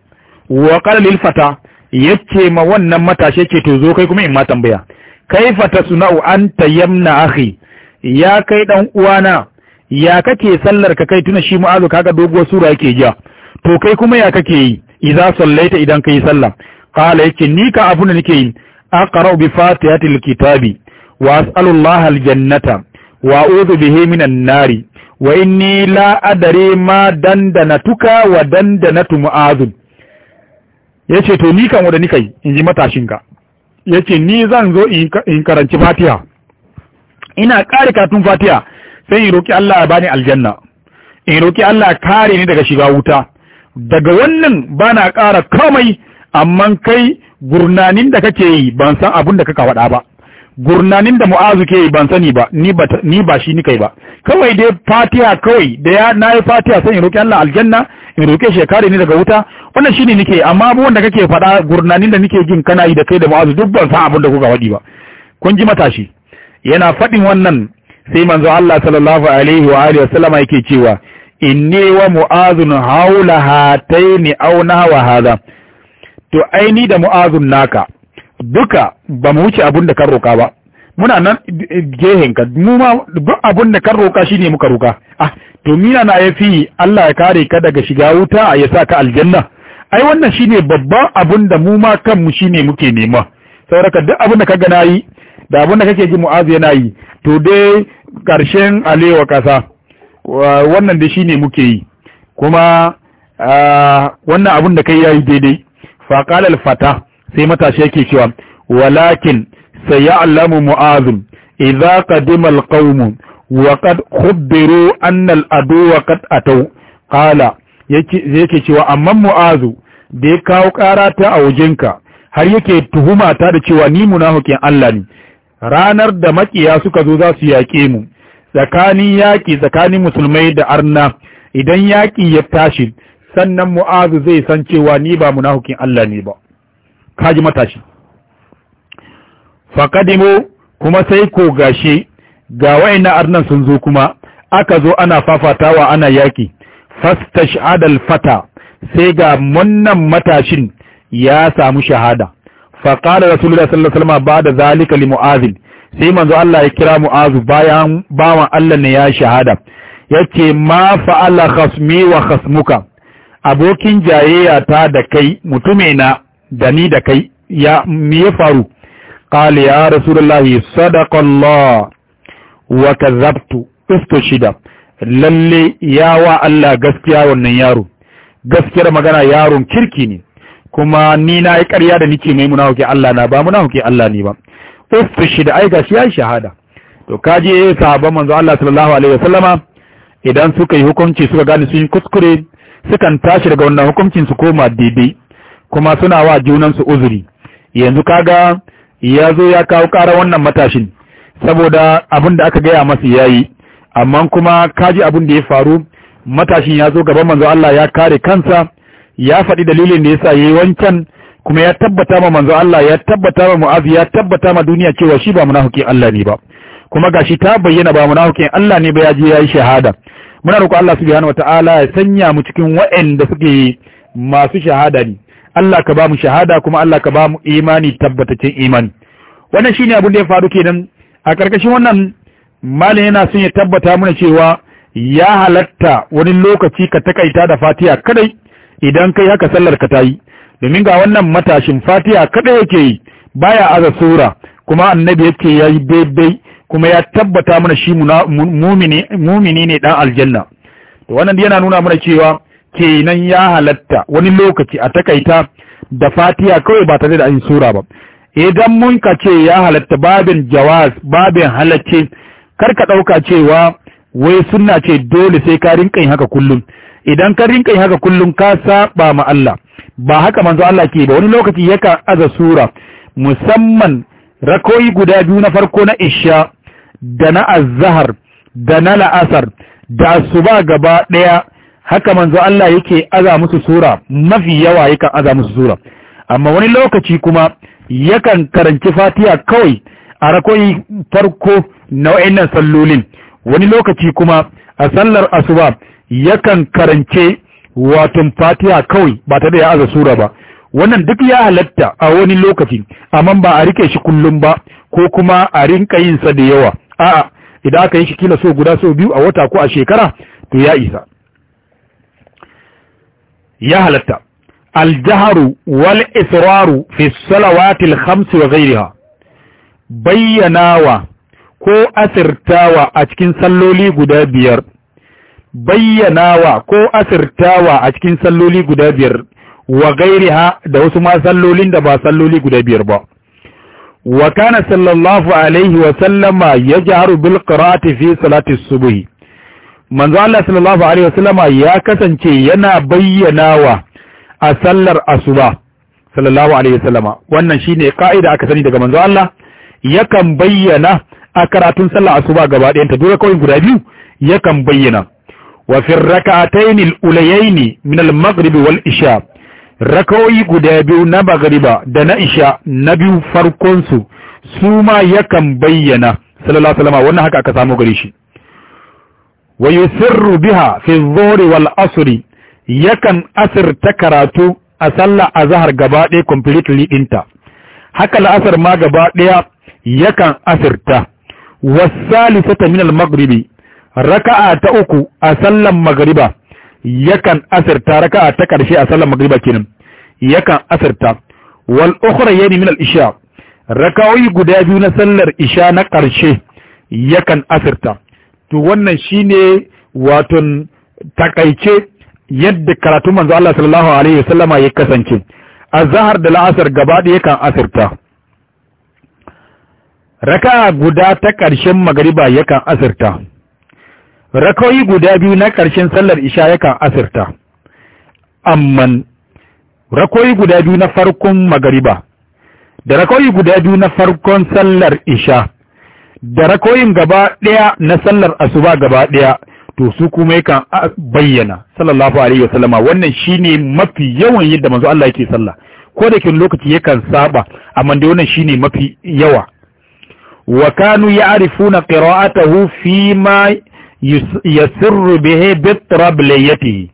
wa qala lil fata yace ma wannan matashi yake to zo kai kuma in ma tambaya kaifa tasna'u anta yamna akhi ya kai dan uwana ya kake sallar ka kai tuna shi mu'azu kaga doguwar sura yake ja to kai kuma ya kake yi Iza sallaita idan kai sallah qala yake ni ka abun da nake yi aqra'u bi fatihatil kitabi wa as'alullaha aljannata wa a'udhu bihi minan nari wa inni la adari ma tuka wa dandanatu Ya yace to ni kan wanda nika yi inji Ya yace ni zan zo in karanci fatiha ina kare katun fatiha sai in roki Allah ya bani aljanna in roki Allah ya kare ni daga shiga wuta daga wannan ba na ƙara kamai amma kai gurnanin da kake yi ban san abin da kaka waɗa ba gurnanin da mu'azu ke yi ban sani ba ni ba shi ni kai ba kawai dai fatiha kawai da ya na yi fatiha sai in roƙi Allah aljanna in roƙe shi ya kare ni daga wuta wannan shine nike amma abu da kake faɗa gurnanin da nike jin kana yi da kai da mu'azu duk ban san abin da kuka waɗi ba kun ji matashi yana faɗin wannan sai manzo Allah sallallahu alaihi wa alihi wasallama yake cewa inni wa mu'azun haula hataini aw nahwa hadha to aini da mu'azun naka duka ba mu wuce abun da kan roka ba muna nan gehenka mu ma duk abun da kan roka shine muka roka ah to mina na yafi Allah ya kare ka daga shiga wuta ya sa ka aljanna ai wannan shine babban abun da mu ma kanmu shine muke nema sauraka duk abun da kaga nayi da abun da kake ji mu'azu yana yi to dai karshen alewa kasa wannan da shi ne muke yi kuma wannan abin da kai ya yi daidai faƙal alfata sai matashi yake cewa walakin sayalamu mu'azim idza qadima al qawm wa qad khubiru anna al aduwa qad atau qala yake cewa amma mu'azu da ya kawo ƙara ta a wajenka har yake tuhumata da cewa ni munafikin Allah ne ranar da maƙiya suka zo za su yaƙe mu tsakanin yaƙi tsakanin musulmai da arna idan yaƙi ya tashi sannan mu'azu zai san cewa ni ba munafikin Allah ne ba kaji matashi kadimu kuma sai ko gashi ga wayannan arnan sun zo kuma aka zo ana fafatawa ana yaƙi fastashhad al-fata sai ga wannan matashin ya samu shahada qala rasulullahi sallallahu alaihi wasallam ba'da zalika li mu'azin sai manzo Allah ya kira mu'azu bayan bawan Allah ne ya shahada yace ma fa'ala khasmi wa khasmuka abokin jayayya ta da kai mutume na da ni da kai ya me ya faru qali ya rasulullahi sadaqa Allah wa kadhabtu istushida lalle yawa Allah gaskiya wannan yaro gaskiyar magana yaron kirki ne kuma ni na yi ƙarya da nike mai munafiki Allah na ba hauki Allah ne ba uffi shida ai gashi ya shahada to kaje sahabban manzo Allah sallallahu alaihi wasallama idan suka yi hukunci suka gane sun kuskure sukan tashi daga wannan hukuncin su koma daidai kuma suna wa junan su uzuri yanzu kaga ya zo ya kawo ƙara wannan matashin saboda abin da aka gaya masa yayi amma kuma kaji abin da ya faru matashin ya zo gaban manzo Allah ya kare kansa ya faɗi dalilin da yasa yayi wancan kuma ya tabbata ma manzo Allah ya tabbata ma Mu'az ya tabbata ma duniya cewa shi ba munafikin Allah ne ba kuma gashi ta bayyana ba munafikin Allah ne ba ya je yayi shahada muna roƙo Allah subhanahu wataala ya sanya mu cikin waanda suke masu shahada ne Allah ka ba mu shahada kuma Allah ka ba mu imani tabbataccen imani wannan shine abin da ya faru kenan a karkashin wannan malam yana son ya tabbata mana cewa ya halatta wani lokaci ka takaita da Fatiha kadai idan kai haka sallar ka tayi domin ga wannan matashin fatiha kada yake yi baya aza sura kuma annabi yake yayi daidai kuma ya tabbata mana shi mumini mumini ne dan aljanna to wannan yana nuna mana cewa kenan ya halatta wani lokaci a takaita da fatiha kawai ba tare da an sura ba idan mun ka ce ya halatta babin jawaz babin halacce kar ka ɗauka cewa wai sunna ce dole sai ka rinka yin haka kullum idan ka rinka yin haka kullum ka saba ma Allah ba haka manzo Allah ke ba wani lokaci yakan aza sura musamman rakoyi guda biyu na farko na isha da na azhar da na la'asar da asuba gaba daya haka manzo Allah yake aza musu sura mafi yawa yakan aza musu sura amma wani lokaci kuma yakan karanci fatiha kawai a rakoyi farko na wayannan sallolin wani lokaci kuma a sallar asuba yakan karance watan fatiha kawai ba ta da ya aza sura ba wannan duk ya halatta a wani lokaci amma ba a rike shi kullum ba ko kuma a rinka yin sa da yawa a'a idan aka yi shi kila so guda so biyu a wata ko a shekara to ya isa ya halatta aljaharu wal israru fi salawatil khams wa ghayriha bayyanawa ko asirtawa a cikin salloli guda biyar bayyanawa ko asirtawa a cikin salloli guda biyar wa ha da wasu ma sallolin da ba salloli guda biyar ba wa kana sallallahu alaihi wa sallama yajharu bil qira'ati fi salati subhi manzo Allah sallallahu alaihi wa sallama ya kasance yana bayyanawa a sallar asuba sallallahu alaihi wa sallama wannan shine kaida aka sani daga manzo Allah yakan bayyana a karatun sallar asuba gaba ɗayan ta dole kawai guda biyu yakan bayyana wa fi rak'atayn al-ulayayn min al-maghrib wal isha rakawoyi guda biyu na magriba da na isha na biyu farkon su suma yakan bayyana sallallahu alaihi wasallam wannan haka aka samu gare shi wa yusirru biha fi dhuhri wal asri yakan asirta karatu a sallah azhar gaba ɗaya completely ɗinta haka la'asar ma gaba ɗaya yakan asirta wasalisata min al-maghribi raka'a ta uku a sallan magriba yakan asirta raka'a ta karshe a sallan magriba kenan yakan asirta wal ukhra yani min al isha raka'o'i guda biyu na sallar isha na karshe yakan asirta to wannan shine wato takaice yadda karatu manzo Allah sallallahu alaihi wasallama ya kasance azhar da la'asar gaba da yakan asirta raka'a guda ta ƙarshen magariba yakan asirta Rakoyi guda biyu na ƙarshen sallar isha yakan asirta amma. rakoyi guda biyu na farkon magariba da rakoyi guda biyu na farkon sallar isha da rakoyin gaba ɗaya na sallar asuba gaba ɗaya to su kuma yakan bayyana sallallahu alaihi wasallama wannan shine mafi yawan yadda manzo Allah yake sallah ko da kin lokaci yakan saba amma dai wannan shine mafi yawa wa kanu ya'rifuna qira'atahu fi ma yasirru bihi bitrabliyatihi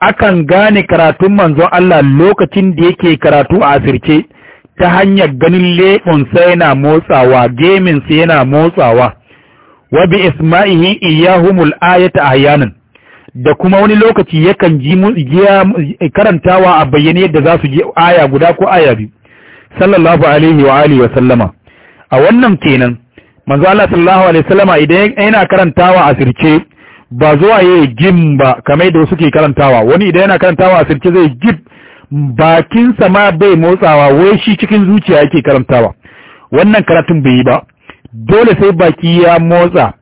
akan gane karatun manzon Allah lokacin da yake karatu a asirce ta hanyar ganin sai yana motsawa sai yana motsawa wa bi isma'ihi iyahumul ayata ahyanan da kuma wani lokaci yakan ji karantawa a bayyane yadda za su ji aya guda ko aya biyu sallallahu alaihi wa alihi wa sallama a wannan kenan manzo Allah sallallahu alaihi wasallama idan yana karantawa a sirce ba zuwa yayi gim ba kamar da suke karantawa wani idan yana karantawa a sirce zai gib bakin sa ma bai motsawa wai shi cikin zuciya yake karantawa wannan karatun bai yi ba dole sai baki ya motsa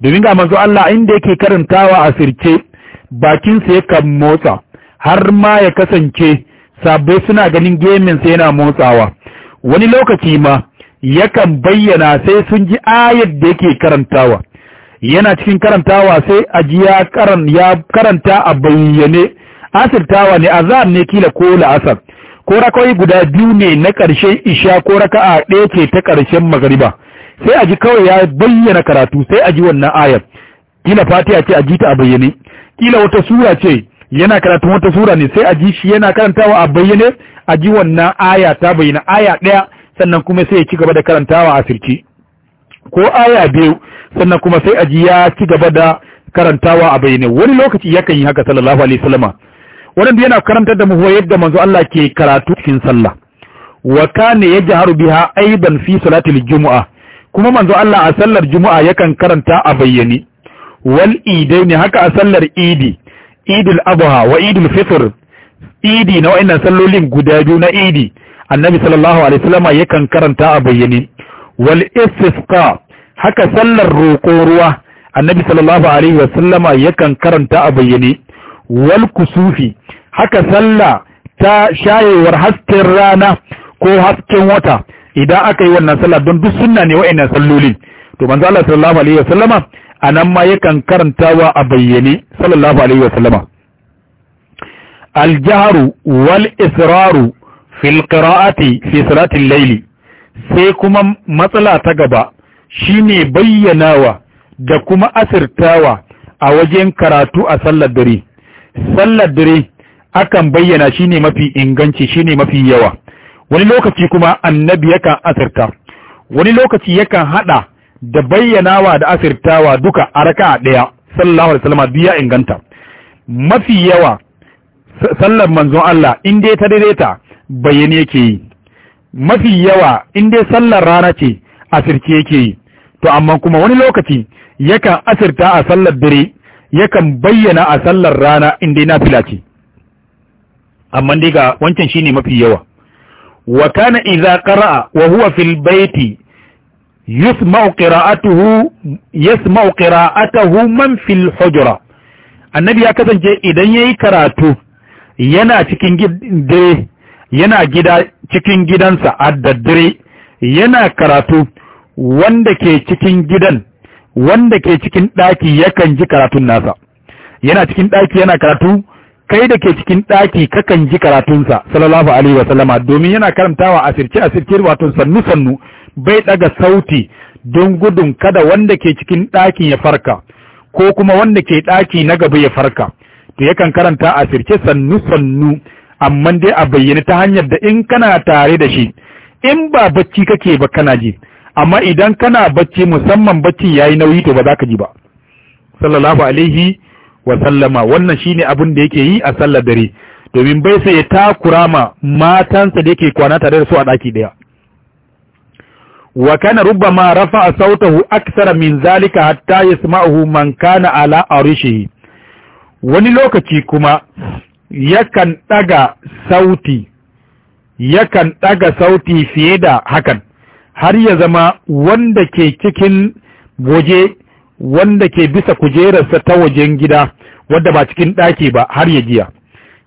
domin ga manzo Allah inda yake karantawa a sirce bakin sa kan motsa har ma ya kasance sabai suna ganin gemin sa yana motsawa wani lokaci ma yakan bayyana sai sun ji ayar da yake karantawa yana cikin karantawa sai aji ya karanta a bayyane asirtawa ne azab ne kila ko la'asar ko rakawai guda biyu ne na ƙarshen isha ko raka'a ɗaya ce ta ƙarshen magariba sai a ji kawai ya bayyana karatu sai a ji wannan ayar kila fatiha ce ji ta a bayyane kila wata sura ce yana karatun wata sura ne sai ji shi yana karantawa a bayyane a ji wannan aya ta bayyana aya ɗaya sannan kuma sai ya ci gaba da karantawa a sirki ko aya biyu sannan kuma sai aji ya ci gaba da karantawa a bayyane wani lokaci yakan yi haka sallallahu alaihi wasallama wannan yana karantar da mu yadda manzo Allah ke karatu cikin sallah wa kana yajharu biha aidan fi salatil jumu'a kuma manzo Allah a sallar jumu'a yakan karanta a bayyane wal idaini haka a sallar idi idil adha wa idil fitr idi na wannan sallolin guda biyu na idi annabi sallallahu alaihi wasallam yakan karanta a bayyane wal istisqa haka sallar roƙo ruwa annabi sallallahu alaihi wasallam yakan karanta a bayyane wal kusufi haka salla ta shayewar hasken rana ko hasken wata idan aka yi wannan sallah don duk sunna ne wa'annan sallolin to manzo Allah sallallahu alaihi wasallama anan ma yakan karantawa a bayyane sallallahu alaihi wasallama aljaharu wal israru fil qira'ati fi laili layli sai kuma matsala ta gaba shine bayyanawa da kuma asirtawa a wajen karatu a sallar dare sallar dare akan bayyana shine mafi inganci shine mafi yawa wani lokaci kuma annabi yakan asirta wani lokaci yakan hada da bayyanawa da asirtawa duka a ɗaya daya sallallahu alaihi wasallam biya inganta mafi yawa sallar manzon Allah in dai ta daidaita bayyane yake yi mafi yawa in dai sallar rana ce asirce yake yi to amma kuma wani lokaci yakan asirta a sallar dare yakan bayyana a sallar rana in dai nafila ce amma dai ga wancan shine mafi yawa wa kana idza qara'a wa huwa fil baiti yusma'u qira'atuhu yasma'u qira'atahu man fil hujra annabi ya kasance idan yayi karatu yana cikin dare yana gida cikin gidansa a daddare yana karatu wanda ke cikin gidan wanda ke cikin ɗaki yakan ji karatun nasa yana cikin ɗaki yana karatu kai da ke cikin ɗaki kakan ji karatunsa sallallahu alaihi wa sallama domin yana karantawa a asirce asirce wato sannu sannu bai ɗaga sauti don gudun kada wanda ke cikin ɗaki ya farka ko kuma wanda ke ɗaki na gaba ya farka to yakan karanta asirce sannu sannu amma dai a bayyane ta hanyar da in kana tare da shi in ba bacci kake ba kana ji amma idan kana bacci musamman bacci yayi nauyi to ba za ka ji ba sallallahu alaihi wa sallama wannan shine abin da yake yi a sallar dare domin bai sai ya takura ma matansa da yake kwana tare da su a daki daya wa kana rubbama rafa'a sautahu aksara min zalika hatta yasma'uhu man kana ala arishihi wani lokaci kuma yakan ɗaga sauti yakan ɗaga sauti fiye da hakan har ya zama wanda ke cikin waje wanda ke bisa kujerarsa ta wajen gida wadda ba cikin ɗaki ba har ya jiya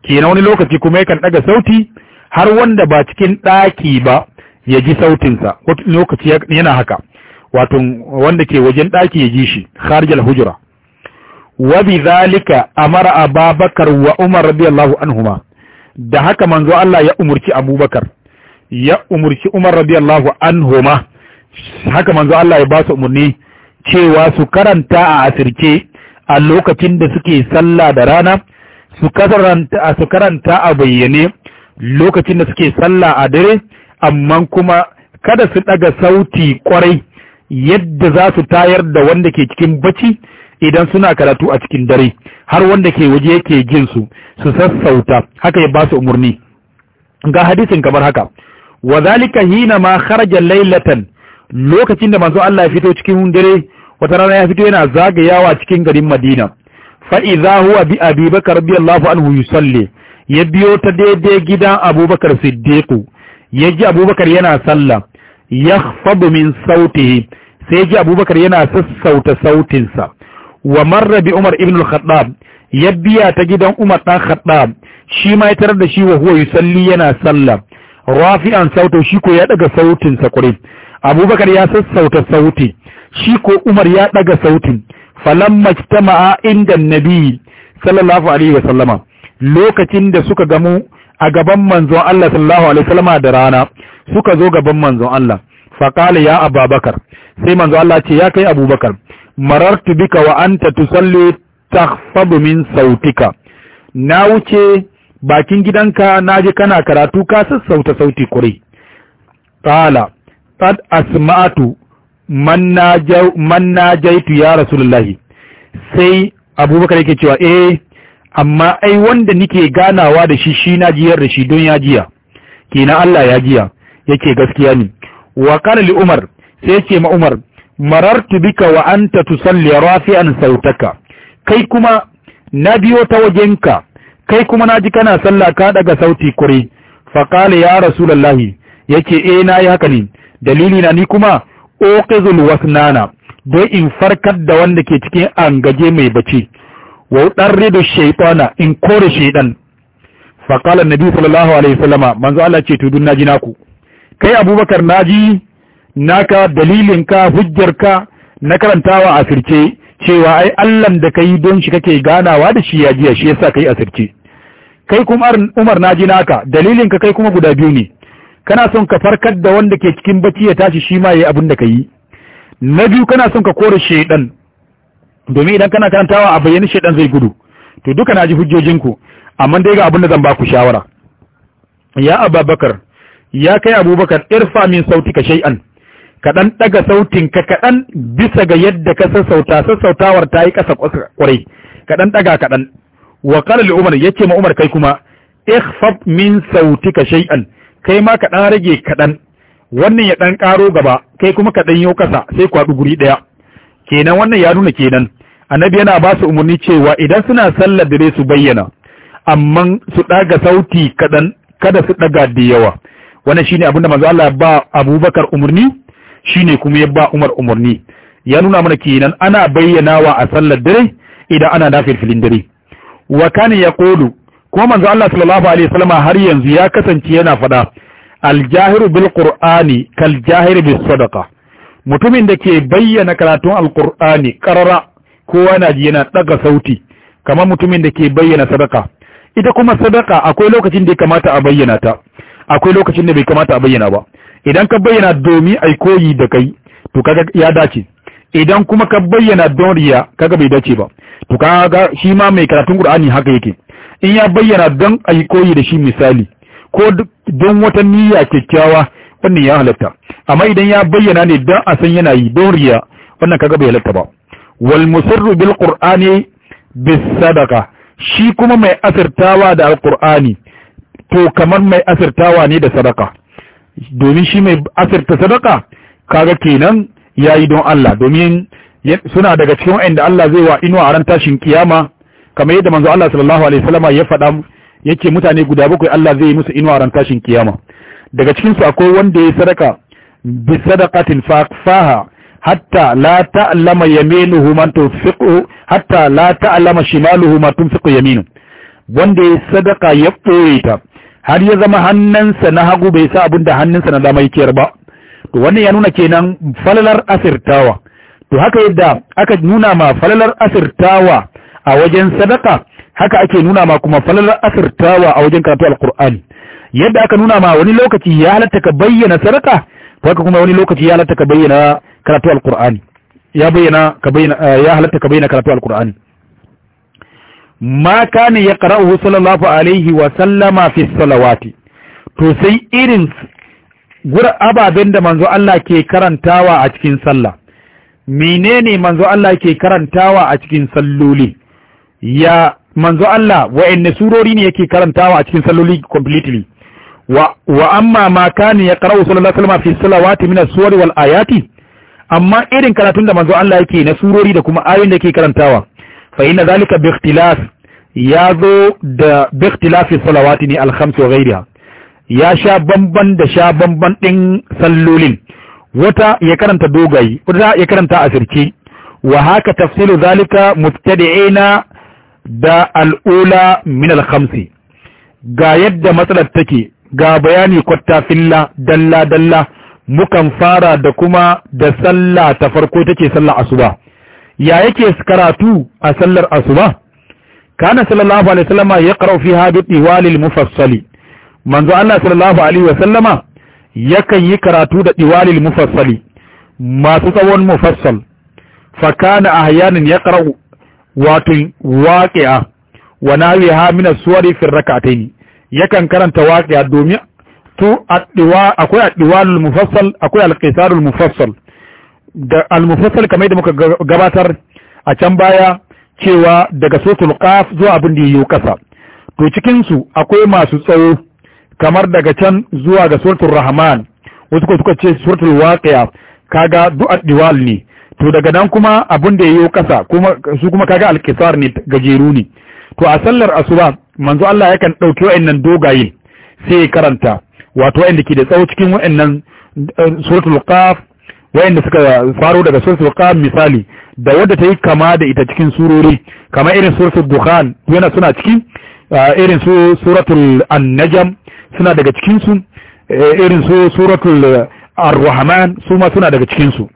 kenan wani lokaci kuma yakan ɗaga sauti har wanda ba cikin ɗaki ba ya ji sautinsa Wani lokaci yana haka wato wanda ke wajen ɗaki ya ji shi har hujura wa zalika amara ababakar wa umar radiyallahu anhuma da haka manzo Allah ya umurci abubakar ya umurci umar radiyallahu anhuma haka manzo Allah ya basu su umurni cewa su karanta a asirce a lokacin da suke sallah da rana su karanta su karanta a bayyane lokacin da suke sallah a dare amma kuma kada su daga sauti kwarai yadda za su tayar da wanda ke cikin bacci idan suna karatu a cikin dare har wanda ke waje yake jin su su sassauta haka ya ba su umarni ga hadisin kamar haka wa zalika hina ma kharaja laylatan lokacin da manzo Allah ya fito cikin dare wata rana ya fito yana zagayawa cikin garin Madina fa idza huwa bi Abi Bakar radiyallahu anhu yusalli ya biyo ta daidai gidan Abubakar Siddiq yaji Abubakar yana sallah yakhfadu min sautihi sai ya ji abubakar yana sassauta sautinsa wa marra bi Umar ibn al-Khattab ya biya ta gidan Umar dan Khattab shi ma ya tarar da shi wa huwa yusalli yana sallah rafi'an sauto shi ko ya daga sautin sa kure Abubakar ya sassauta sauti shi ko Umar ya daga sautin falamma jtama'a inda nabi sallallahu alaihi sallama, lokacin da suka gamu a gaban manzon Allah sallallahu alaihi wasallama da rana suka zo gaban manzon Allah faqala ya Abubakar sai manzon Allah ce ya kai Abubakar marartu bika wa anta tusalli takhfabu min sautika na wuce bakin gidanka naji kana karatu ka sassauta sauti kuri qala qad asma'tu man najaw man najaitu ya rasulullahi sai abubakar yake cewa eh amma ai wanda nike ganawa da shi shi na jiyar da shi don ya jiya kina Allah ya jiya yake gaskiya ne wa qala li umar sai ce ma umar mararti bika wa anta tusalli rafi'an sautaka kai kuma na biyo ta wajenka kai kuma naji kana sallah ka daga sauti kure fa qala ya rasulullahi yake eh nayi haka ne dalili na ni kuma uqizul wasnana don in farkar da wanda ke cikin angaje mai bace wa udarridu shaytana in kore shaydan fa qala nabi sallallahu alaihi wasallama manzo Allah ce to dun naji naku kai abubakar naji naka dalilinka hujjarka na karantawa a sirce cewa ai allan da kai don shi kake ganawa da shi ya jiya shi yasa kai a sirce kai kuma Umar naji naka dalilinka kai kuma guda biyu ne kana son ka farkar da wanda ke cikin bacci ya tashi shi ma yayi abin da kai na biyu kana son ka kore shedan domin idan kana karantawa a bayyane shedan zai gudu to duka na naji ku amma dai ga abin da zan ba ku shawara ya Abubakar ya kai Abubakar irfa min sautika shay'an Kaɗan ɗaga sautin ka kaɗan bisa ga yadda ka sassauta sassautawar ta yi ƙasa ƙwarai ka ɗaga kaɗan wa qala li umar ce ma umar kai kuma ikhfab min sauti ka shay'an kai ma ka ɗan rage kaɗan wannan ya ɗan ƙaro gaba kai kuma ka ɗan ƙasa sai ku haɗu guri ɗaya kenan wannan ya nuna kenan annabi yana ba su umarni cewa idan suna sallar dare su bayyana amma su ɗaga sauti kaɗan kada su ɗaga da yawa wannan shine abinda manzo Allah ba Abubakar umarni shine kuma ya ba Umar umarni ya nuna mana kenan ana bayyanawa a sallar dare idan ana nafil filin dare wa ya yaqulu kuma manzo Allah sallallahu alaihi wasallam har yanzu ya kasance yana fada al-jahiru bil qur'ani kal jahiru bis sadaqa mutumin da ke bayyana karatun al-qur'ani qarara kowa na ji yana daga sauti kamar mutumin da ke bayyana sadaka ita kuma sadaka akwai lokacin da ya kamata a bayyana ta akwai lokacin da bai kamata a bayyana ba idan ka bayyana domin ai koyi da kai to kaga ya dace idan kuma ka bayyana don riya kaga bai dace ba to kaga shi ma mai karatun Qur'ani haka yake in ya bayyana don ai koyi da shi misali ko don wata niyya kyakkyawa wannan ya halatta amma idan ya bayyana ne don a san yana yi don riya wannan kaga bai halatta ba wal musirru bil qur'ani bis sadaqa shi kuma mai asirtawa da alqur'ani to kamar mai asirtawa ne da sadaka domin shi mai asirta sadaka kaga kenan yayi don Allah domin suna daga cikin wanda Allah zai wa inuwa a ran tashin kiyama kamar yadda manzo Allah sallallahu alaihi wasallama ya faɗa yake mutane guda bakwai Allah zai yi musu inuwa a ran tashin kiyama daga cikin su akwai wanda ya sadaka bi sadaqatin faha hatta la ta'lama yaminuhu man tunfiqu hatta la ta'lama shimaluhu man tunfiqu yaminu wanda ya sadaka ya ɓoye ta har ya zama hannunsa na hagu bai sa abin da hannunsa na dama yake ba to wannan ya nuna kenan falalar asirtawa to haka yadda aka nuna ma falalar asirtawa a wajen sadaka haka ake nuna ma kuma falalar asirtawa a wajen karatu alkur'ani yadda aka nuna ma wani lokaci ya halatta ka bayyana sadaka haka kuma wani lokaci ya halatta ka bayyana karatu alkur'ani ya bayyana ka bayyana ya halatta ka bayyana karatu alkur'ani ma kana yaqra'uhu sallallahu alaihi wa sallama fi salawati to sai irin gura ababen da manzo Allah ke karantawa a cikin sallah menene manzo Allah ke karantawa a cikin salloli ya manzo Allah wa'anne surori ne yake karantawa a cikin salloli completely wa wa amma ma kana qara'u sallallahu alaihi wa sallama fi salawati min as-suwar wal ayati amma irin karatun da manzo Allah yake na surori da kuma ayoyin da yake karantawa fa inna zalika bi ikhtilaf ya zo da bi ikhtilafi salawati ne al-khams wa ya sha bamban da sha bamban ɗin sallolin wata ya karanta dogayi wata ya karanta asirci wa haka tafsilu zalika mubtadi'ina da al'ula min al-khamsi ga yadda matsalar take ga bayani kwatta filla dalla dalla mukan fara da kuma da sallah ta farko take sallah asuba ya yake karatu a sallar asuba kana sallallahu alaihi wasallama yaqra'u fiha bi tiwalil mufassali manzo Allah sallallahu alaihi wasallama yakan yi karatu da tiwalil mufassali masu tsawon mufassal fa kana ahyanan yaqra'u watin waqi'a wa nawiha min as-suwari fi rak'atayn yakan karanta waqi'a domin to addu'a akwai addu'alul mufassal akwai al-qisarul mufassal da al-mufassal kamar da muka gabatar a can baya cewa daga sotul qaf zuwa abin da yiwu kasa to cikin su akwai masu tsawo kamar daga can zuwa ga suratul rahman wasu ko suka ce suratul waqi'a kaga du'a diwal ne to daga nan kuma abin da yiwu kasa kuma su kuma kaga al ne gajeru ne to a sallar asuba manzo Allah yakan dauki wayannan dogaye sai karanta wato wayanda ke da tsawo cikin wayannan eh, suratul qaf wayanda suka faro daga suratul qam misali da wadda ta yi kama da ita cikin surori kama irin suratul dukhan yana suna cikin irin su suratul an-najm suna daga cikin su e, irin su suratul ar-rahman su ma suna daga cikin su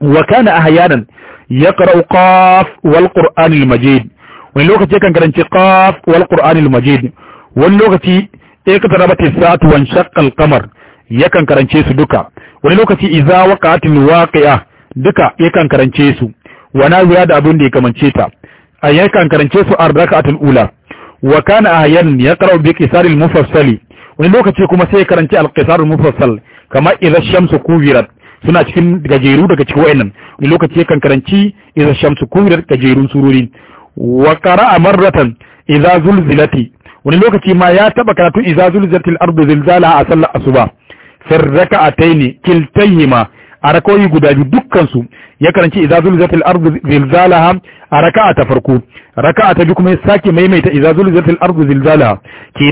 wa kana ahyanan yaqra'u qaf wal qur'an al-majid wani lokaci kan karanci qaf wal qur'an al-majid wani lokaci iqtarabat as-sa'atu wa shaqqa al-qamar yakan karance su duka wani lokaci idza waqa'atil waqi'a duka yakan karance su wa naziya da abin da ya kamance ta ayyakan karance su arba'atul ula wa kana ahyan yaqra'u bi qisaril mufassali wani lokaci kuma sai karanci al-qisarul mufassal kama idza shamsu kuwirat suna cikin gajeru daga cikin wayannan wani lokaci yakan karanci idza shamsu kuwirat gajerun sururi wa qara'a marratan idza zulzilati wani lokaci ma ya taba karatu idza zulzilatil ardu zilzala a sallar asuba firraka a yi ma? a rakoyi guda biyu dukkansu ya karanci idza zulzatil ardu zilzalaha a raka'a ta farko raka'a ta biyu kuma ya sake maimaita idza zulzatil ardu zilzalaha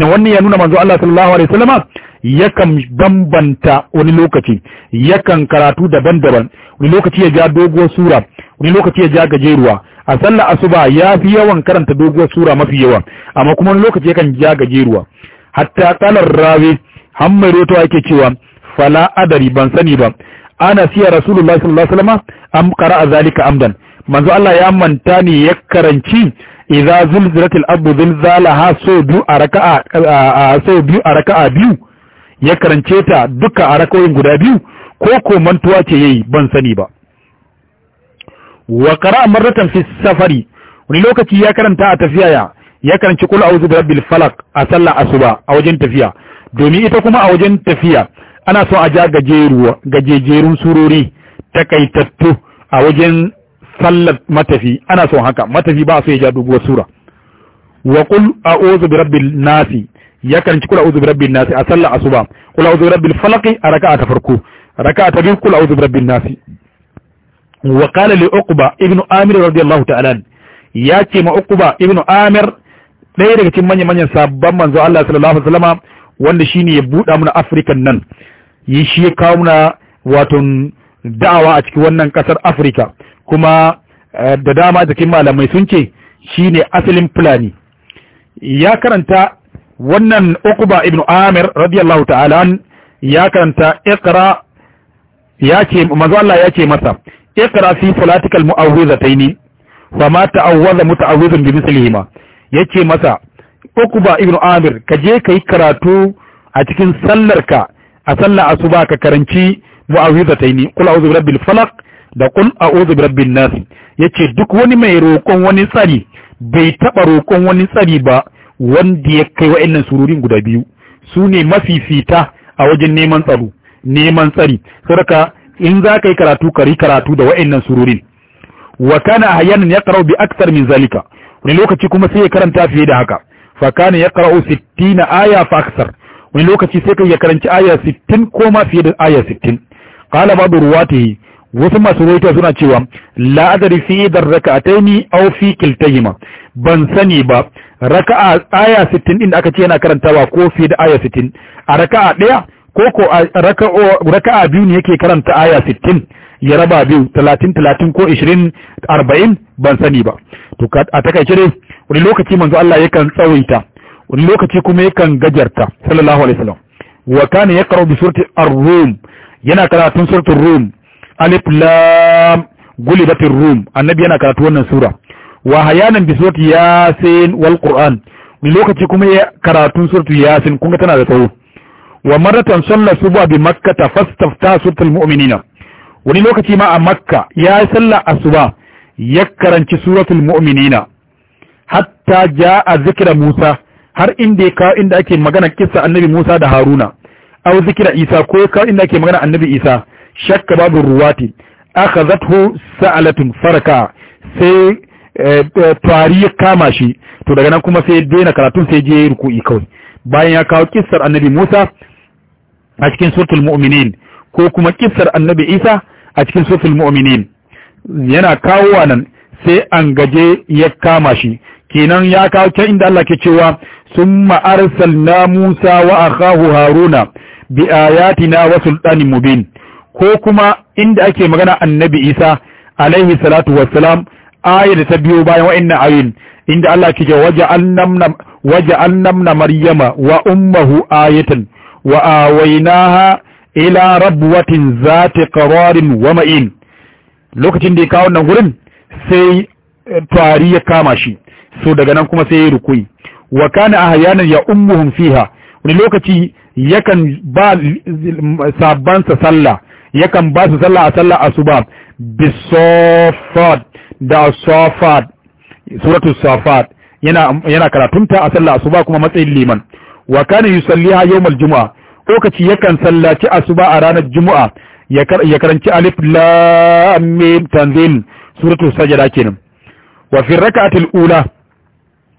na wannan ya nuna manzo Allah sallallahu alaihi wasallam yakan bambanta wani lokaci ya kan karatu daban-daban wani lokaci ya ja doguwar sura wani lokaci ya ja gajeruwa a sallar asuba ya fi yawan karanta doguwar sura mafi yawa amma kuma wani lokaci ya kan ja gajeruwa hatta qalar rawi hammai roto ake cewa fala adari ban sani ba ana siya rasulullahi sallallahu alaihi wasallam am qara'a zalika amdan manzo Allah ya manta ne ya karanci idza zulzilatil ardu zilzalaha so biyu a raka'a so biyu a raka'a biyu ya karance ta duka a rakoyin guda biyu ko ko mantuwa ce yayi ban sani ba wa qara'a marratan fi safari wani lokaci ya karanta a tafiya ya ya karanci kul a'udhu birabbil falaq a sallah asuba a wajen tafiya domin ita kuma a wajen tafiya ana so a ja gajejerun surori takaitattu a wajen sallar matafi ana son haka matafi ba so ya ja doguwar sura wa a ozu bi rabbil nasi ya ci kula ozu bi rabbil nasi a sallar asuba kula ozu bi rabbil falaki a raka'a ta farko raka'a ta biyu kula ozu bi rabbil nasi wa qala li uqba ibn amir radiyallahu ta'ala ya ce ma uqba ibn amir ɗaya daga cikin manyan manyan sabban manzo Allah sallallahu alaihi wasallama wanda shine ya buɗa mana Afirka nan yi shi ya kawo mana wato da'awa a cikin wannan ƙasar Afirka kuma eh, da dama a cikin malamai sun ce shine asalin Fulani ya karanta wannan ukuba ibn Amir radiyallahu ta'ala ya karanta Iqra ya ce manzo Allah ya ce masa Iqra fi salatikal mu'awwizataini fa ma ta'awwaza muta'awwizun bi mislihima yace masa ba ibn amir ka je ka yi karatu a cikin sallar ka a sallar asuba ka karanci kula a a'udhu birabbil falak da a qul a'udhu nasi. ya ce duk wani mai roƙon wani tsari bai taɓa roƙon wani tsari ba wanda ya kai wa'annan sururin guda biyu su ne fita a wajen neman tsaro neman tsari saboda in za ka yi karatu ka yi karatu da wa'annan sururin wa kana ya karau bi aksar min zalika wani lokaci kuma sai ya karanta fiye da haka fa kana yaqra'u 60 aya fa aksar wani lokaci sai kai ya karanci aya 60 ko ma fiye da aya 60 qala ba'd ruwatihi wasu masu ruwaito suna cewa la adri fi darrakataini aw fi kiltayhima ban sani ba raka'a aya 60 din da aka ce yana karantawa ko fiye da aya 60 a raka'a daya ko ko raka'a biyu ne yake karanta aya 60 ya raba biyu talatin talatin ko ishirin arba'in ban sani ba to a takaice dai wani lokaci manzo Allah yakan tsawaita wani lokaci kuma yakan gajarta sallallahu alaihi wasallam wa kana yaqra'u bi surati ar-rum yana karatun suratul rum alif lam gulibatir rum annabi yana karatu wannan sura wa hayanan bi surati yasin wal qur'an wani lokaci kuma ya karatun suratul yasin kun ga tana da tsawo wa maratan salla subha bi makkah fastafta suratul mu'minina wani lokaci ma a makka ya yi sallar asuba ya karanci suratul mu'minina hatta a zikira musa har inda kawo inda ake magana kissa annabi musa da haruna aw zikira isa ko kawo inda ake magana annabi isa shakka babu ruwati akhazathu sa'alatun faraka sai tari eh, eh, ya kama shi to daga nan kuma sai daina karatun sai je ruku'i kawai bayan ya kawo kissar annabi musa a cikin suratul mu'minin ko kuma kissar annabi isa a cikin sufil mu'minin yana kawo nan sai an gaje ya kama shi kenan ya kawo can inda Allah ke cewa summa na Musa wa akahu Haruna bi ayatina wa sultanin mubin ko kuma inda ake magana annabi Isa alaihi salatu wassalam ayar da ta biyo bayan wa'annan ayoyin inda Allah ke cewa waja'alna maryama wa ummuhu ayatan wa awaynaha ila rabwatin zati qararin wama'in lokacin da ya kawo nan gurin sai tari eh, ya kama shi so daga nan kuma sai ya rukui wa kana ahyanan ya ummuhum fiha wani lokaci yakan ba sabban sa sallah yakan ba su sallah a sallah ba. bisofat da sofat suratu sofat yana karatunta a sallah ba kuma matsayin liman wa kana yau, yawmal juma'a lokaci yakan sallaci asuba a ranar juma'a ya karanci alif lam mim tanzil suratul sajda kenan wa fi rak'atil ula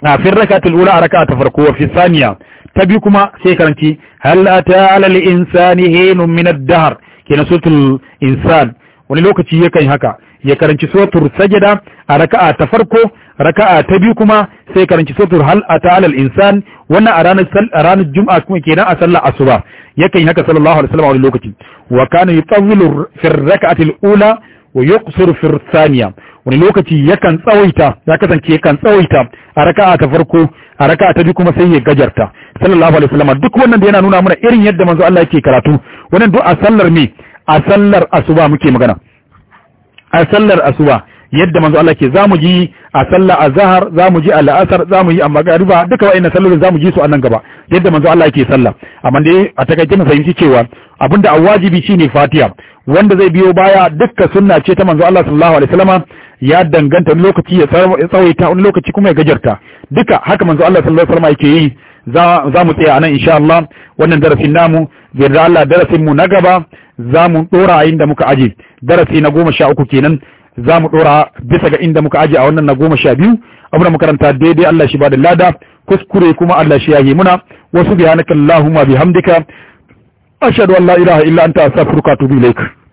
a fi rak'atil ula a rak'a ta farko wa fi saniya ta biyu kuma sai karanci hal ata ala al insani hinun min ad-dahr kenan suratul insan wani lokaci yakan haka ya karanci suratul sajda a rak'a ta farko raka'a ta biyu kuma sai karanci suratul hal ata'al al-insan wannan a ranar a ranar juma'a kuma kenan a sallar asuba yakan yi haka sallallahu alaihi wasallam a wani lokaci wa kana yutawwilu fi raka'ati al-ula wa yuqsiru fi thaniya wani lokaci yakan tsawaita ya kasance yakan tsawaita a raka'a ta farko a raka'a ta biyu kuma sai ya gajarta sallallahu alaihi wasallam duk wannan da yana nuna mana irin yadda manzo Allah yake karatu wannan duk a sallar ne a sallar asuba muke magana a sallar asuba yadda manzo Allah ke zamu ji a sallah azhar zamu ji al'asar zamu yi a magariba duka wa'annan sallolin zamu ji su a nan gaba yadda manzo Allah ke sallah amma dai a takaice mu fahimci cewa abinda a wajibi shine Fatiha wanda zai biyo baya dukkan sunna ce ta manzo Allah sallallahu alaihi wasallama ya danganta lokaci ya tsawaita wani lokaci kuma ya gajarta duka haka manzo Allah sallallahu alaihi wasallama yake yi za mu tsaya nan insha Allah wannan darasin namu da Allah darasin mu na gaba za mu dora a inda muka aje darasi na goma sha uku kenan za mu ɗora bisa ga inda muka aje a wannan na goma sha biyu abuna makaranta daidai Allah shi ba da lada kuskure kuma Allah shi yahi muna wasu bihanaka Allahumma bihamdika ashhadu an la ilaha illa anta astaghfiruka wa atubu ilaik